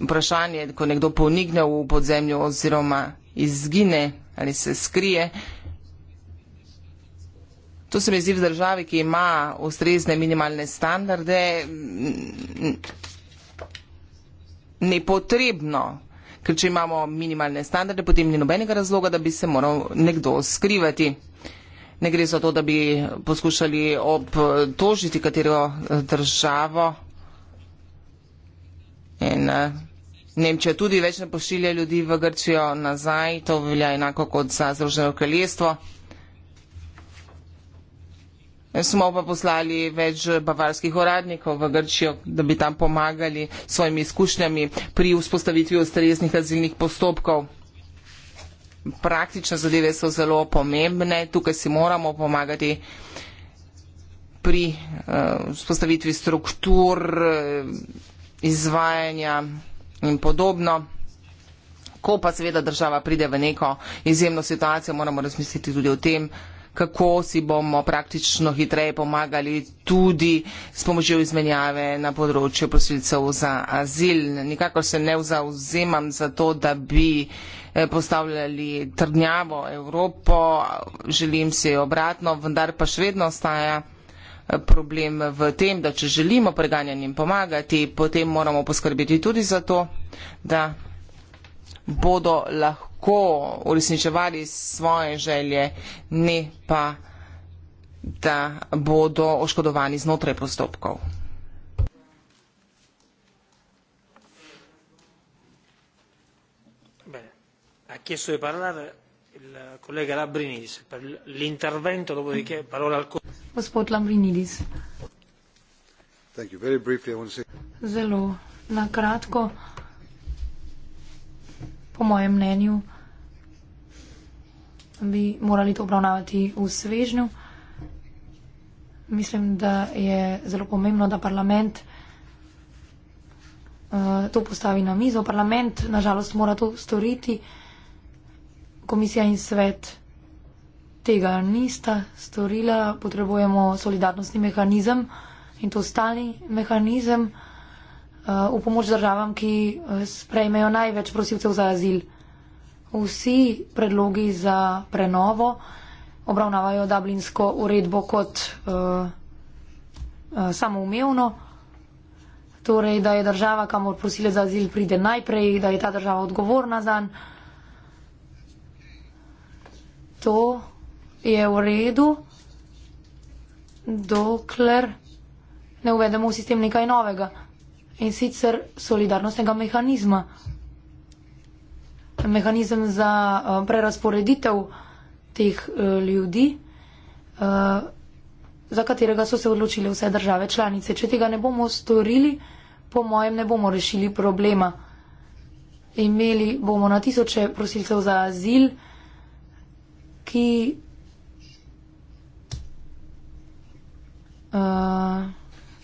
Speaker 2: vprašanje, ko nekdo ponigne v podzemlju oziroma izgine ali se skrije, To se mi zdi v državi, ki ima ustrezne minimalne standarde, mm, nepotrebno. Ker če imamo minimalne standarde, potem ni nobenega razloga, da bi se moral nekdo skrivati. Ne gre za to, da bi poskušali obtožiti katero državo. In eh, Nemčija tudi več ne pošilja ljudi v Grčijo nazaj, to velja enako kot za Združeno kraljestvo smo pa poslali več bavarskih uradnikov v Grčijo, da bi tam pomagali s svojimi izkušnjami pri vzpostavitvi ustreznih azilnih postopkov. Praktične zadeve so zelo pomembne, tukaj si moramo pomagati pri eh, vzpostavitvi uh, struktur, eh, izvajanja in podobno. Ko pa seveda država pride v neko izjemno situacijo, moramo razmisliti tudi o tem, kako si bomo praktično hitreje pomagali tudi s pomočjo izmenjave na področju posilcev za azil. Nikakor se ne zauzemam za to, da bi eh, postavljali trdnjavo Evropo, želim si obratno, vendar pa še vedno ostaja eh, problem v tem, da če želimo preganjanjem pomagati, potem moramo poskrbeti tudi za to, da bodo lahko uresničevali svoje želje, ne pa, da bodo oškodovani znotraj postopkov.
Speaker 1: Ha chiesto di parlare il collega Labrinidis per l'intervento, dopodiché parola al
Speaker 4: Gospod Labrinidis.
Speaker 1: Thank you. Very briefly I want to say...
Speaker 4: Zelo, na kratko po mojem mnenju, bi morali to obravnavati v svežnju. Mislim, da je zelo pomembno, da parlament uh, to postavi na mizo. Parlament, nažalost, mora to storiti. Komisija in svet tega nista storila. Potrebujemo solidarnostni mehanizem in to stalni mehanizem v pomoč državam, ki eh, sprejmejo največ prosilcev za azil. Vsi predlogi za prenovo obravnavajo dublinsko uredbo kot uh, uh, samoumevno, torej da je država, kamor prosile za azil pride najprej, da je ta država odgovorna zanj. To je v redu, dokler ne uvedemo v sistem nekaj novega in sicer solidarnostnega mehanizma. Mehanizem za uh, eh, prerasporeditev teh uh, ljudi, uh, za katerega so se odločile vse države članice. Če tega ne bomo storili, po mojem, ne bomo rešili problema. Imeli bomo na tisoče prosilcev za azil, ki. Uh,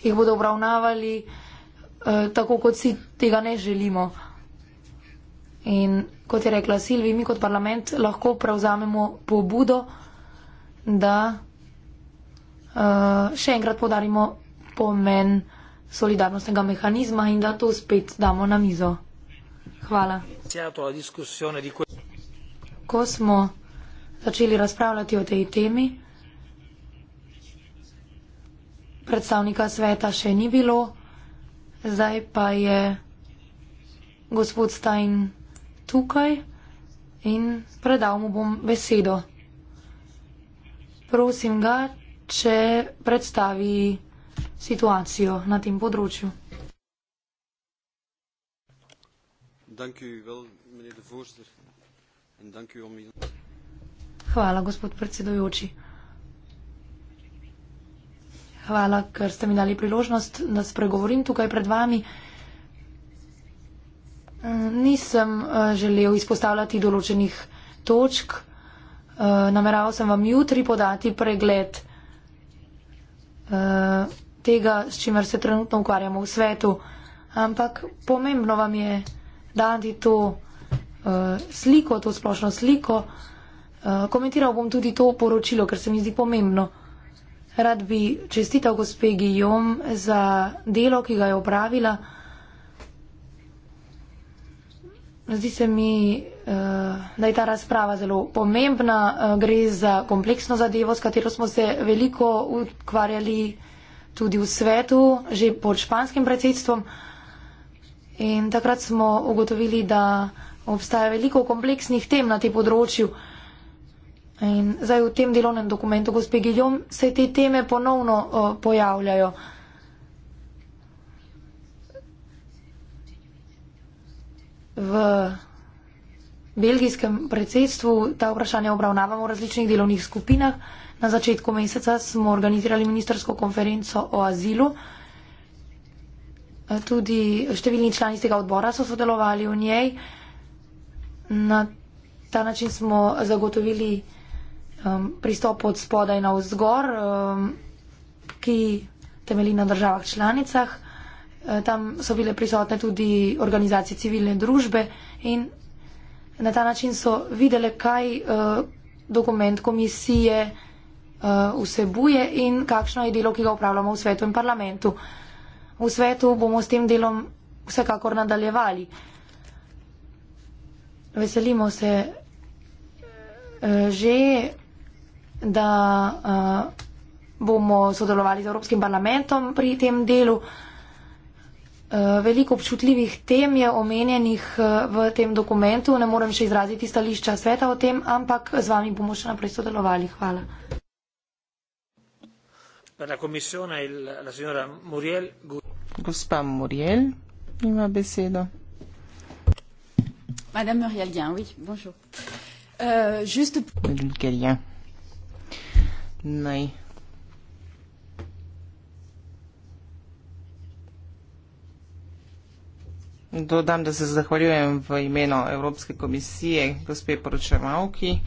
Speaker 4: jih bodo obravnavali uh, Eh, tako kot si tega ne želimo. In kot je rekla Silvi, mi kot parlament lahko prevzamemo pobudo, da uh, še enkrat podarimo pomen solidarnostnega mehanizma in da to spet damo na mizo. Hvala. Ko smo začeli razpravljati o tej temi, predstavnika sveta še ni bilo. Zdaj pa je gospod Stein tukaj in predal mu bom besedo. Prosim ga, če predstavi situacijo na tem področju. Hvala, gospod predsedujoči hvala, ker ste mi dali priložnost, da spregovorim tukaj pred vami. Nisem eh, želel izpostavljati določenih točk. Eh, nameraval sem vam jutri podati pregled eh, tega, s čimer se trenutno ukvarjamo v svetu. Ampak pomembno vam je dati to sliko, to splošno sliko. Komentiral bom tudi to poročilo, ker se mi zdi pomembno. Rad bi čestital gospe Gijom za delo, ki ga je opravila. Zdi se mi, eh, da je ta razprava zelo pomembna. Eh, gre za kompleksno zadevo, s katero smo se veliko ukvarjali tudi v svetu, že pod španskim predsedstvom. In takrat smo ugotovili, da obstaja veliko kompleksnih tem na tem področju. In zdaj v tem delovnem dokumentu, gospe Giljom, se te teme ponovno uh, pojavljajo. V belgijskem predsedstvu ta vprašanja obravnavamo v različnih delovnih skupinah. Na začetku meseca smo organizirali ministersko konferenco o azilu. Eh, tudi številni člani tega odbora so sodelovali v njej. Na ta način smo zagotovili um, pristopu od spodaj na vzgor, um, ki temeli na državah članicah. E, tam so bile prisotne tudi organizacije civilne družbe in na ta način so videle, kaj uh, dokument komisije uh, vsebuje in kakšno je delo, ki ga upravljamo v svetu in parlamentu. V svetu bomo s tem delom vsekakor nadaljevali. Veselimo se že da uh, bomo sodelovali z Evropskim parlamentom pri tem delu. Eh, veliko občutljivih tem je omenjenih eh, v tem dokumentu. Ne morem še izraziti stališča sveta o tem, ampak z vami bomo še naprej
Speaker 2: sodelovali. Hvala. Gospa Muriel ima besedo.
Speaker 3: Madame Muriel, bonjour. Uh, juste...
Speaker 2: Nej. Dodam, da se zahvaljujem v imeno Evropske komisije gospe poročevalki,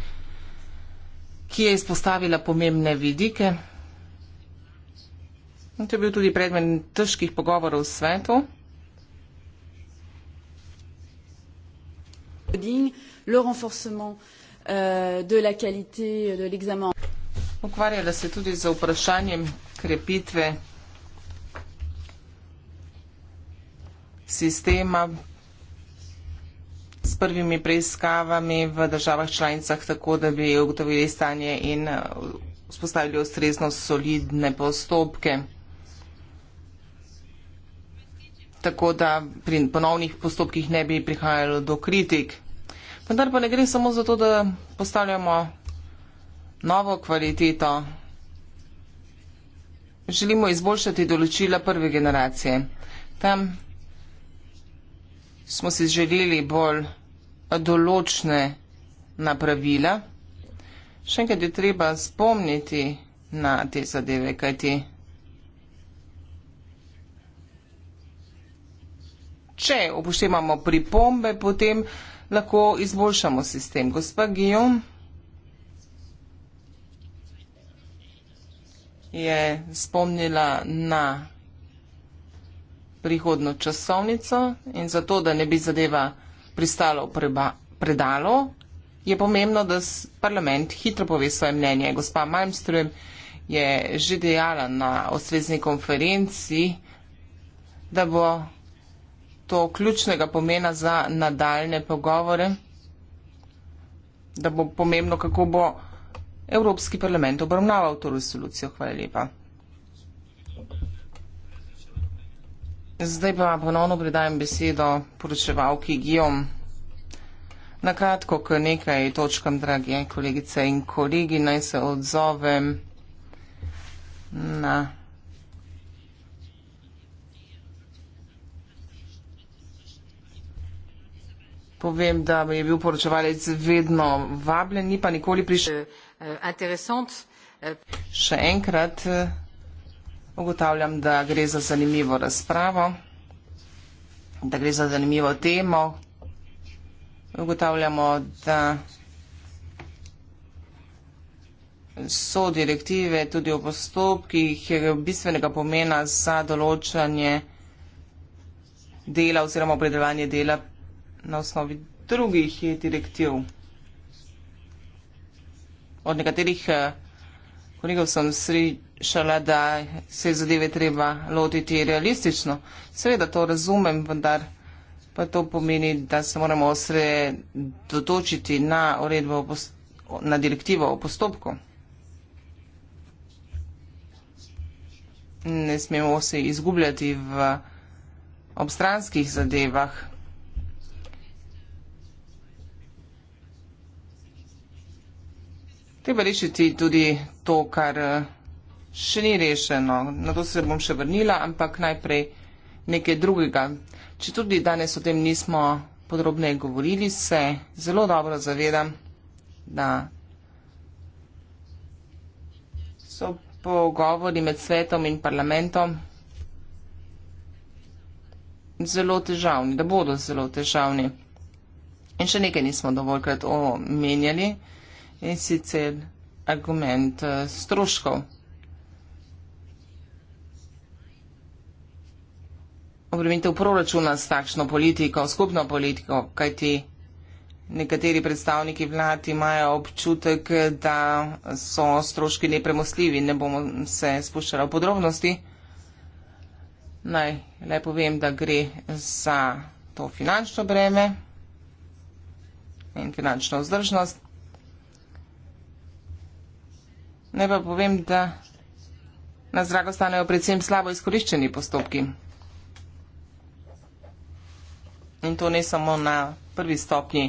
Speaker 2: ki je izpostavila pomembne vidike. To je bil tudi predmet težkih pogovorov v svetu.
Speaker 3: Le renforcement euh, de la qualité
Speaker 2: de l'examen ukvarjala se tudi z vprašanjem krepitve sistema s prvimi preiskavami v državah članicah, tako da bi ugotovili stanje in uh, vzpostavili ustrezno solidne postopke. Tako da pri ponovnih postopkih ne bi prihajalo do kritik. Vendar pa ne gre samo za to, da postavljamo novo kvaliteto. Želimo izboljšati določila prve generacije. Tam smo si želeli bolj določne napravila. Še enkrat je treba spomniti na te zadeve, kajti če upoštevamo pripombe, potem lahko izboljšamo sistem. Gospa Guillaume. je spomnila na prihodno časovnico in zato, da ne bi zadeva pristala v predalo, je pomembno, da parlament hitro pove svoje mnenje. Gospa Malmström je že dejala na osvezni konferenci, da bo to ključnega pomena za nadaljne pogovore, da bo pomembno, kako bo Evropski parlament obravnaval to resolucijo. Hvala lepa. Zdaj pa ponovno predajem besedo poročevalki Gijom. Na kratko, k nekaj točkam, dragi kolegice in kolegi, naj se odzovem na. Povem, da mi je bil poročevalec vedno vabljen, ni pa nikoli prišel. Eh, eh, Še enkrat eh, ugotavljam, da gre za zanimivo razpravo, da gre za zanimivo temo. Ugotavljamo, da so direktive tudi v postopkih bistvenega pomena za določanje dela oziroma opredeljevanje dela na osnovi drugih direktiv od nekaterih eh, kolegov sem slišala, da se je zadeve treba lotiti realistično. Seveda to razumem, vendar pa to pomeni, da se moramo osredotočiti na uredbo, na direktivo o postopku. Ne smemo se izgubljati v obstranskih zadevah. Treba rešiti tudi to, kar eh, še ni rešeno. Na to se bom še vrnila, ampak najprej nekaj drugega. Če tudi danes o tem nismo podrobne govorili, se zelo dobro zavedam, da so pogovori med svetom in parlamentom zelo težavni, da bodo zelo težavni. In še nekaj nismo dovoljkrat omenjali in sicer argument eh, stroškov. Obremenitev proračuna s takšno politiko, skupno politiko, kajti nekateri predstavniki vlad imajo občutek, da so stroški nepremostljivi. Ne bomo se spuščali v podrobnosti. Naj le povem, da gre za to finančno breme in finančno vzdržnost. Ne pa povem, da na zrak ostanejo predvsem slabo izkoriščeni postopki. In to ne samo na prvi stopnji.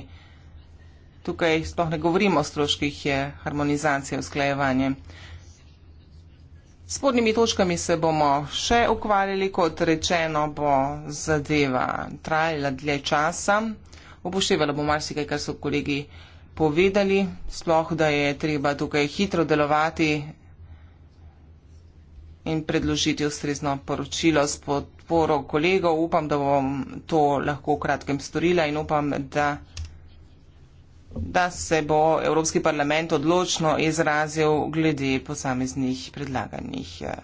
Speaker 2: Tukaj sploh ne govorimo o stroških, je harmonizacija, usklajevanje. S podnimi točkami se bomo še ukvarjali, kot rečeno bo zadeva trajala dlje časa. Upoštevalo bom marsikaj, kar so kolegi povedali povedali, sploh da je treba tukaj hitro delovati in predložiti ustrezno poročilo s podporo kolegov. Upam, da bom to lahko v kratkem storila in upam, da, da se bo Evropski parlament odločno izrazil glede posameznih predlaganih eh,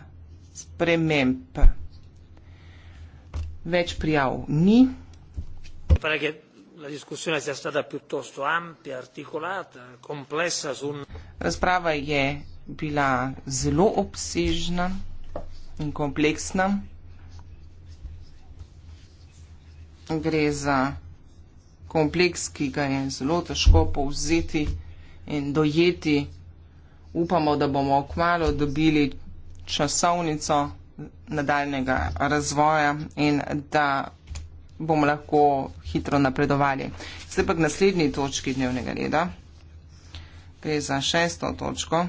Speaker 2: sprememb. Več prijav ni. Para que Razprava je bila zelo obsežna in kompleksna. Gre za kompleks, ki ga je zelo težko povzeti in dojeti. Upamo, da bomo kmalo dobili časovnico nadaljnega razvoja in da bomo lahko hitro napredovali. Zdaj pa k naslednji točki dnevnega reda. Gre za šesto točko.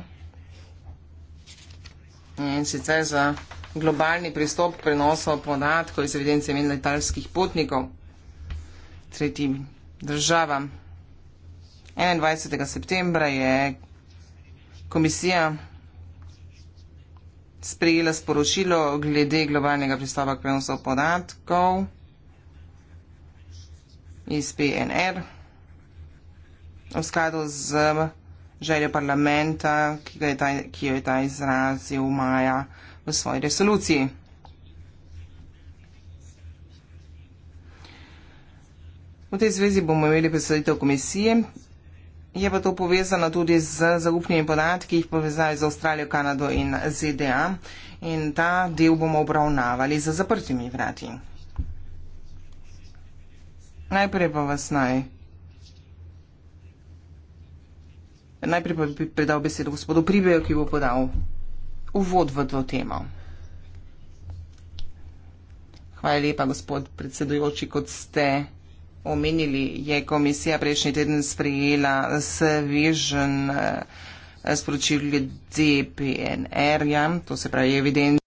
Speaker 2: In sicer za globalni pristop prenosov podatkov iz evidence imen letalskih potnikov tretjim državam. 21. septembra je komisija sprejela sporočilo glede globalnega pristopa k prenosov podatkov iz PNR. V skladu z željo parlamenta, ki, je ta, ki jo je ta izrazil maja v svoji resoluciji. V tej zvezi bomo imeli predstavitev komisije. Je pa to povezano tudi z zaupnimi podatki, ki jih povezali z Avstralijo, Kanado in ZDA. In ta del bomo obravnavali za zaprtimi vrati. Najprej pa vas naj. Najprej pa bi predal besedo gospodu Pribeju, ki bo podal uvod v to temo. Hvala lepa, gospod predsedujoči, kot ste omenili, je komisija prejšnji teden sprejela svežen eh, sporočil glede PNR-ja, to se pravi evidenc.